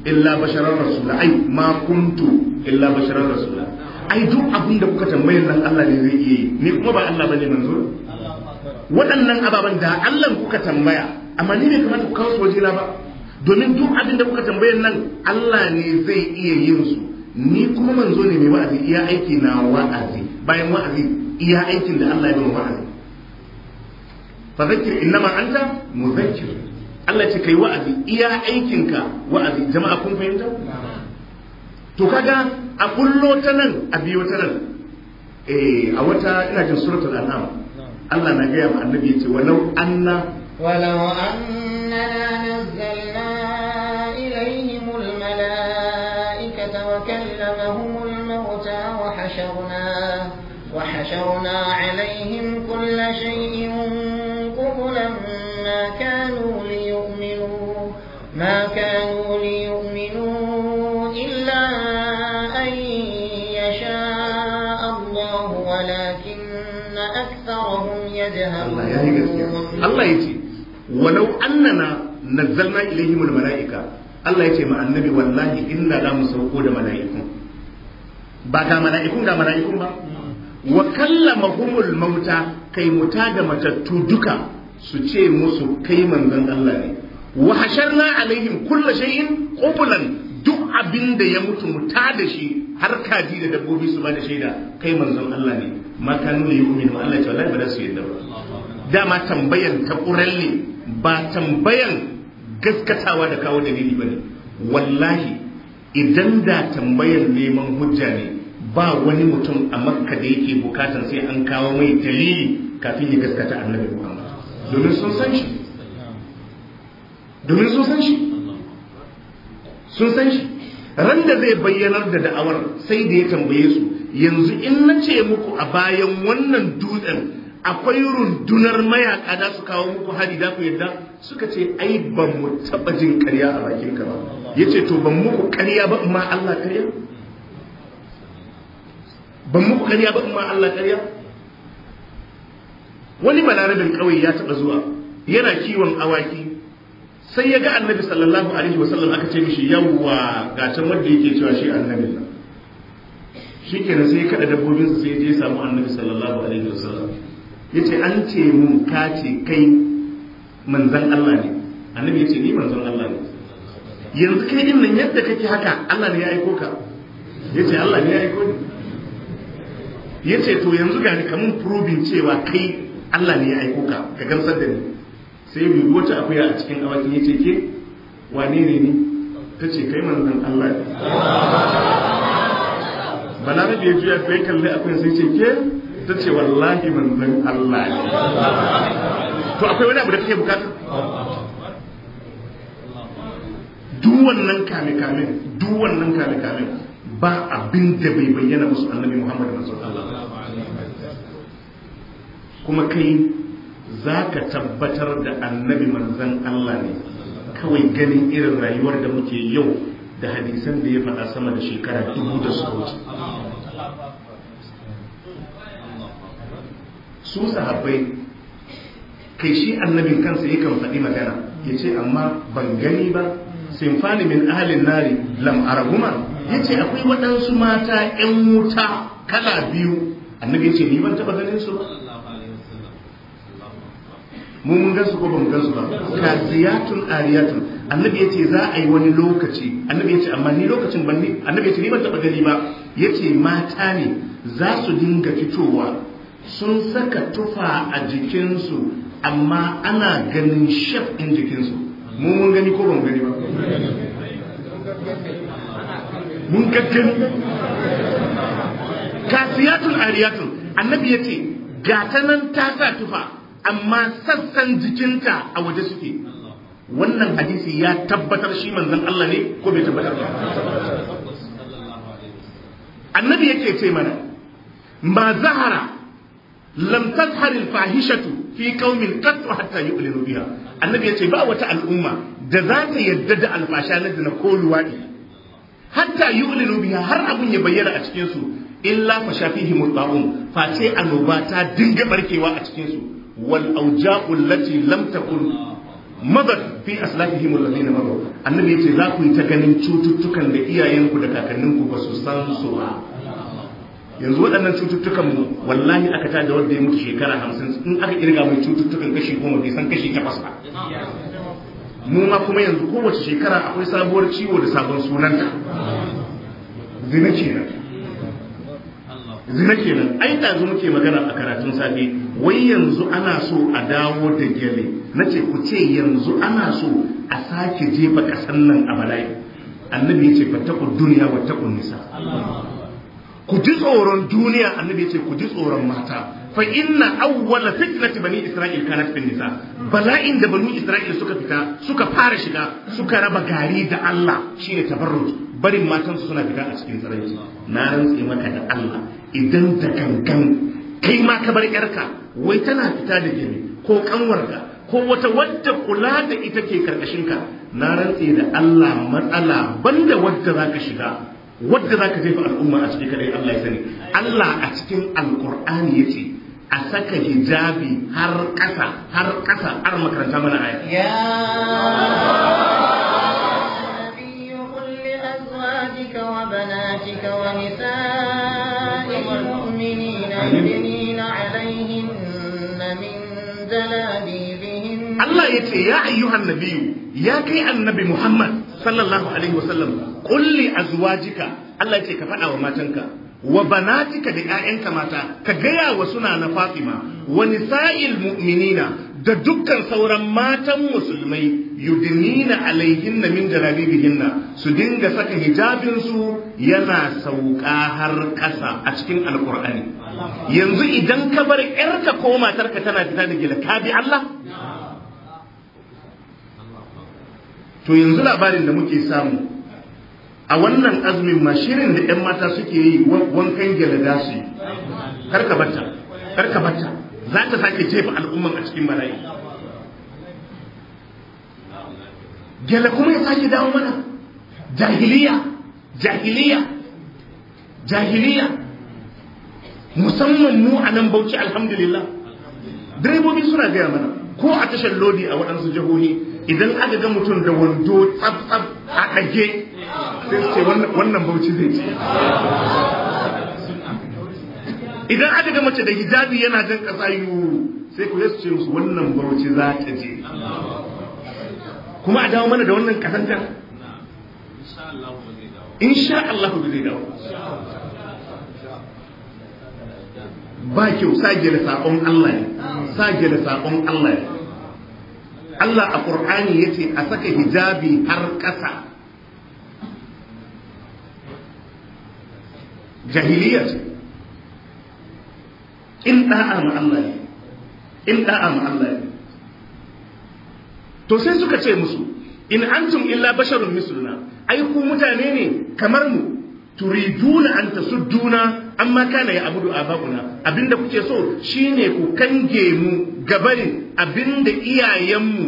illa basharar rasula ai ma kuntu illa basharar rasula ai duk abin da kuka tambayar nan Allah ne zai iya yi ni kuma ba Allah bane manzo waɗannan ababen da Allah kuka tambaya amma ni ne kamar ku kawo su wajena ba domin duk abin da kuka tambayar nan Allah ne zai iya yin su ni kuma manzo ne mai wa'azi iya aiki na wa'azi bayan wa'azi iya aikin da Allah ya bani wa'azi fa zakir innama anta muzakkir Allah ce kai wa'azi iya aikinka wa'azi jama'a kun fahimta to kaga a kullo ta nan a biyo ta nan eh, a wata ina jin suratul an'am Allah na gaya ma annabi ce walau anna walau annana nazzalna ilayhim almalaikata wa kallamahum almauta wa hasharna wa hasharna alayhim kull shay'in qublan ma kanu liyu'minu ma kanu yayi gaskiya Allah ya ce walau annana nazzalna ilaihim malaika Allah ya ce ma annabi wallahi inna la musauko da mala'ikun ba ga mala'ikun da mala'ikun ba wa kallamahumul mauta kai muta da matattu duka su ce musu kai manzon Allah ne wa hasharna alaihim kullu shay'in qublan duk abin da ya mutu muta da shi har kaji da dabbobi su ba da shaida kai manzon Allah ne ma kanu yu'minu Allah ya wallahi ba za su yadda ba dama tambayan ta ne ba tambayan gaskatawa da kawo dalili ba ne wallahi idan da tambayan neman hujja ne ba wani mutum a makka da yake bukatar sai an kawo mai dalili kafin ya gaskata annabi muhammad domin sun san shi domin sun san shi sun san shi ran da zai bayyanar da da'awar sai da ya tambaye su yanzu in na ce muku a bayan wannan dutsen akwai rundunar mayaka da su kawo muku hari da ku yadda suka ce ai ba mu taba jin karya a bakin ka ba yace to ban muku karya ba ma Allah karya ban muku karya ba ma Allah karya wani balarabin kawai ya taba zuwa yana kiwon awaki sai ya ga annabi sallallahu alaihi wasallam aka ce mishi yawwa ga can wanda yake cewa shi annabi shi kenan sai ya kada dabbobinsa sai ya je samu annabi sallallahu alaihi wasallam yace an ce mun ka ce kai manzan Allah ne annabi yace ni manzan Allah ne yanzu kai din nan yadda kake haka Allah ne ya aiko ka yace Allah ne ya aiko ni yace to yanzu gani kamun probing cewa kai Allah ne ya aiko ka ka gamsar da ni sai mu wata akuya a cikin awakin ce ke wane ne ni Ta ce kai manzan Allah ne balarabe ya juya kai kalli akwai sai ce ke ta ce wallahi manzan Allah ne to akwai wani abu da take bukata duk wannan kame kame duk wannan kame kame ba abin da bai bayyana musu annabi Muhammad Allah kuma kai za ka tabbatar da annabi manzan Allah ne kawai ganin irin rayuwar da muke yau da hadisan da ya faɗa sama da shekara dubu da su wuce su sahabbai kai shi annabin kansa yakan faɗi magana ya ce amma ban gani ba sinfani min ahalin nari lam arahuma ya ce akwai waɗansu mata 'yan wuta kala biyu annabi ya ce ni ban taɓa ganin su ba mu mun su ko ban su ba kaziyatun ariyatun annabi yace za a yi wani lokaci annabi yace amma ni lokacin ban ni annabi yace ni ban taba gani ba yace mata ne za su dinga fitowa sun saka tufa a jikinsu amma ana ganin shef ɗin jikinsu mu mun gani ko ban gani ba mun gaggani kasiyatun ariyatun annabi ya ce gata nan ta sa tufa amma sassan jikinta a waje suke wannan hadisi ya tabbatar shi manzon Allah ne ko bai tabbatar ba annabi yake ce mana ma zahara lam tazhar al fahishatu fi qaumin qat hatta yu'linu biha annabi yace ba wata al'umma da za ta yadda da alfasha na da ko luwadi hatta yu'linu biha har abun ya bayyana a cikin su illa fa shafihim fa face annoba ta dinga barkewa a cikin su wal awja'u allati lam takun madad fi aslafihim alladhina madu annabi yace za ku yi ta ganin cututtukan da iyayenku da kakanninku ba su san su ba yanzu waɗannan cututtukan mu wallahi aka tada wanda ya mutu shekara hamsin in aka kirga mai cututtukan kashi goma bai san kashi takwas ba mu ma kuma yanzu kowace shekara akwai sabuwar ciwo da sabon sunanta zina kenan zina kenan ai da zo muke magana a karatun safe wai yanzu ana so a dawo da gele na ce ku ce yanzu ana so a sake jefa kasan nan a bala'i annabi ya ce fatakun duniya wata takun nisa ku ji tsoron duniya annabi ce ku ji tsoron mata fa inna awwala fitnati bani isra'il kanat fin nisa bala'in da bani isra'il suka fita suka fara shiga suka raba gari da Allah shine tabarruj barin matan su suna fita a cikin tsaraici na rantsi maka da Allah idan da gangan kai ma ka bar yarka wai tana fita da gini ko kanwarka ko wata wadda kula da ita ke karkashin ka. na rantsi da Allah matsala banda wadda zaka shiga wadda za ka jefa al'umma a ciki kadai Allah ya sani Allah a cikin alkur'ani ya ce a saka hijabi har ƙasa har ƙasa har makaranta mana aya وبناتك ونساء المؤمنين يدنين عليهن من جلابيبهن الله يتي يا أيها sallallahu alaihi wasallam kulli azwajika Allah ce ka faɗa wa matanka wa banatika da ƴaƴanka mata ka gaya wa suna na Fatima wa nisa'il mu'minina da dukkan sauran matan musulmai yudnina alaihinna min jalabibihinna su dinga saka hijabin su yana sauka har ƙasa a cikin alqur'ani yanzu idan ka bar ƴarka ko matarka tana fita da gida ka bi Allah to yanzu labarin da muke samu a wannan azumin ma shirin da yan mata suke yi wankan gyale da su yi karka bata karka bata za ta sake jefa al'umman a cikin marayu. gyale kuma ya sake dawo mana jahiliya jahiliya jahiliya musamman mu a nan bauchi alhamdulillah direbobi suna gaya mana ko a tashar lodi a waɗansu jihohi idan aka ga mutum da wando tsab-tsab a ɗage sai su ce wannan bauchi zai ce idan aka ga mace da hijabi yana jan ƙasa yiwu sai ku su ce musu wannan bauchi za ta je kuma a dawo mana da wannan in insha Allah ku zai dawo ba kyau sage da saƙon Allah ne sage da saƙon Allah ne Allah a ya ce a saka hijabi har ƙasa jahiliya ce in da'a ma Allah ne in da'a ma Allah ne to sai suka ce musu in antum illa basharun misluna ai ku mutane ne kamar mu turiduna an tasudduna amma kana ya abudu abauna abinda kuke so shine ku kange mu gabarin abinda iyayenmu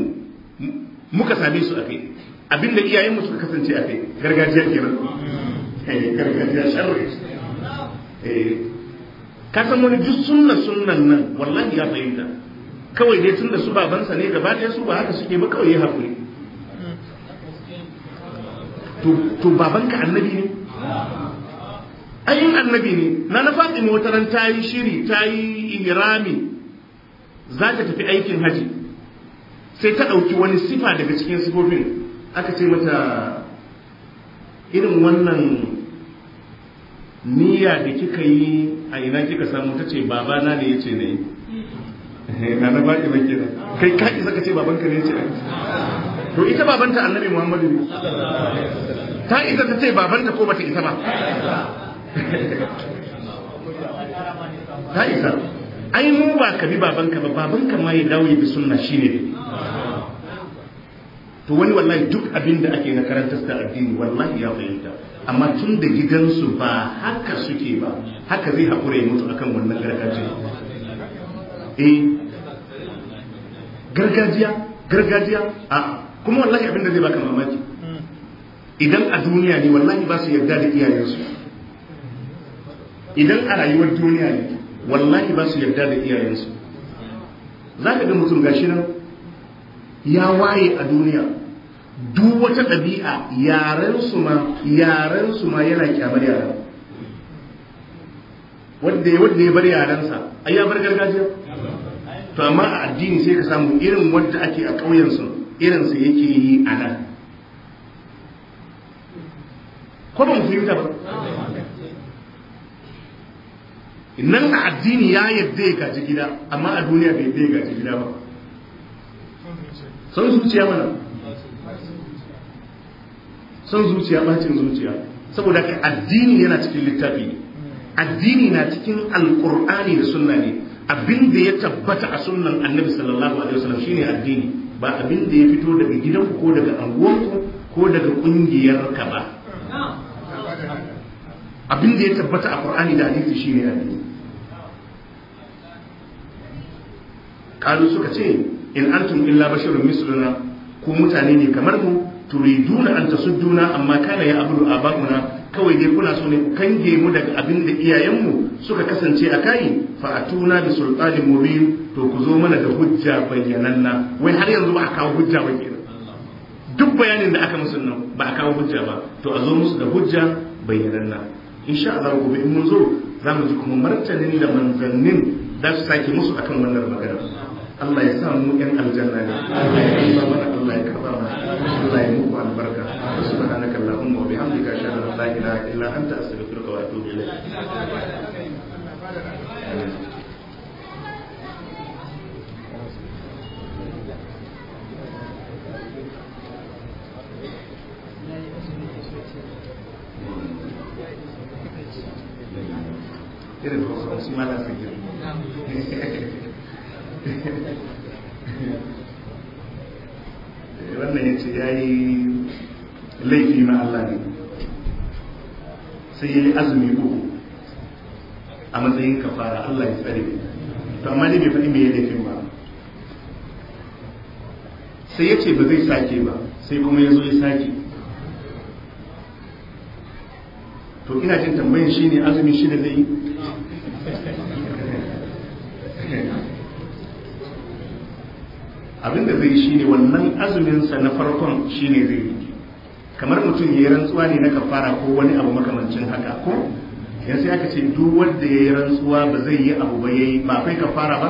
muka same su akai abinda iyayenmu suka kasance akai gargajiya ke nan eh, gargajiya sharri eh, ka san wani duk sunna sunnan nan wallahi ya fahimta kawai dai tunda su babansa ne gaba ɗaya su ba haka suke ba kawai ya hakuri to babanka annabi ne ayin annabi ne na na faɗi wata ran ta yi shiri ta yi irami za ta tafi aikin haji sai ta ɗauki wani sifa daga cikin sifofin aka ce mata irin wannan niyya da kika yi a ina kika samu ta ce babana ne ya ce na yi eh, na na ba kenan kai ka isa ka ce babanka ne ya ce to ita babanta annabi muhammadu ne ta ita ta ce babanta ko bata ita ba ta isa ai mu ba ka bi babanka ba babanka ma ya dawo ya bi sunna shine to wani wallahi duk abin da ake na karantar da addini wallahi ya fahimta amma tun da gidansu ba haka suke ba haka zai haƙura ya mutu akan wannan gargajiya eh gargajiya gargajiya a kuma wallahi abin da zai baka mamaki idan a duniya ne wallahi ba su yarda da iyayensu idan a rayuwar duniya ne wallahi ba su yarda da iyayensu za ka ga mutum gashi nan ya waye a duniya duk wata ɗabi'a yarensu ma yarensu ma yana kyamar yara wanda ya bar yarensa ai ya bar gargajiya to amma a addini sai ka samu irin wanda ake a ƙauyensu irin irinsa yake yi a nan ko ba mu fahimta ba nan a addini ya yadda ya gaji gida amma a duniya bai yadda ya gaji gida ba son zuciya mana son zuciya bacin zuciya saboda ka addini yana cikin littafi ne addini na cikin alkur'ani da sunna ne abin da ya tabbata a sunnan annabi sallallahu alaihi wasallam shine addini ba abin da ya fito daga gidanku ko daga anguwanku ko daga ka ba abin da ya tabbata a qur'ani da hadisi shine addini kalu suka ce in antum illa basharun misluna ku mutane ne kamar mu turiduna an tasudduna amma kana ya abudu abakuna kawai dai kuna so ne ku kange mu daga abin da iyayenmu suka kasance a kai fa atuna bi sultanin mubin to ku zo mana da hujja bayyananna wai har yanzu ba a kawo hujja ba duk bayanin da aka musu nan ba a kawo hujja ba to a zo musu da hujja bayyananna insha Allah gobe in mun zo za mu ji kuma martanin da manzannin za su sake musu akan wannan magana Allah ya sa mungkin yan aljanna Allah ya mana Allah ya mana Allah wa bihamdika ashhadu an la ilaha illa anta astaghfiruka wa atubu ilayk Eh, wannan ya ce ya yi laifi ma Allah ne sai ya yi azumi uku a matsayin kafara Allah ya tsare to amma ne bai faɗi mai laifin ba sai ya ce ba zai sake ba sai kuma ya zo ya sake to ina jin tambayin shi ne azumi shi da zai yi abin da zai shi ne wannan azumin sa na farkon shi ne zai yi kamar mutum ya yi rantsuwa ne na kafara ko wani abu makamancin haka ko yanzu aka ce duk wanda ya yi rantsuwa ba zai yi abu ba ya yi ba kai kafara ba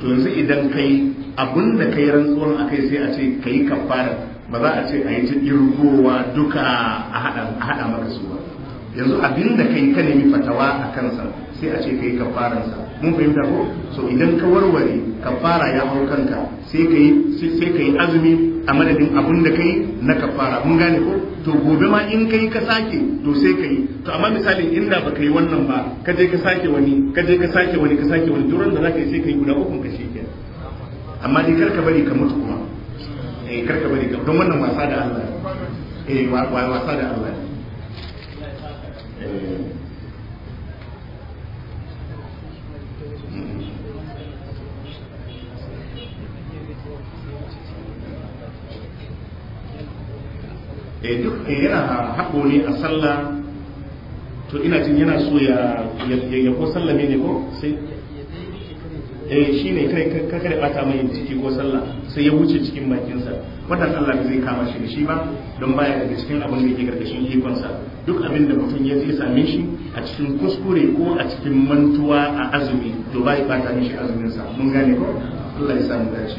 to yanzu idan kai abun da kai rantsuwan akai sai a ce kai kafara ba za a ce a yi ta irgowa duka a hada maka su ba yanzu abin da kai ka nemi fatawa a kansa sai a ce kai kafaransa mun fahimta ko so idan ka warware kafara ya hau kanka sai ka yi azumi a madadin abun da kai na kafara mun gane ko to gobe ma in kai ka sake to sai ka yi to amma misali inda ba ka yi wannan ba ka je ka sake wani ka je ka sake wani ka sake wani duran da ka yi sai ka yi guda uku ka ke amma dai ka bari ka mutu kuma eh ka bari ka don wannan wasa da Allah eh wasa da Allah eh e duk yana haɓo ne a sallah to ina cin yana so ya ya ko sallame ne ko sai eh shi ne kai kakar bata mai ciki ko sallah sai ya wuce cikin bakinsa wannan Allah zai kama shi da shi ba don baya daga cikin abin da yake ikonsa duk abin da mutum ya zai same shi a cikin kuskure ko a cikin mantuwa a azumi to bai bata mishi azumin sa mun gane ko Allah ya samu dace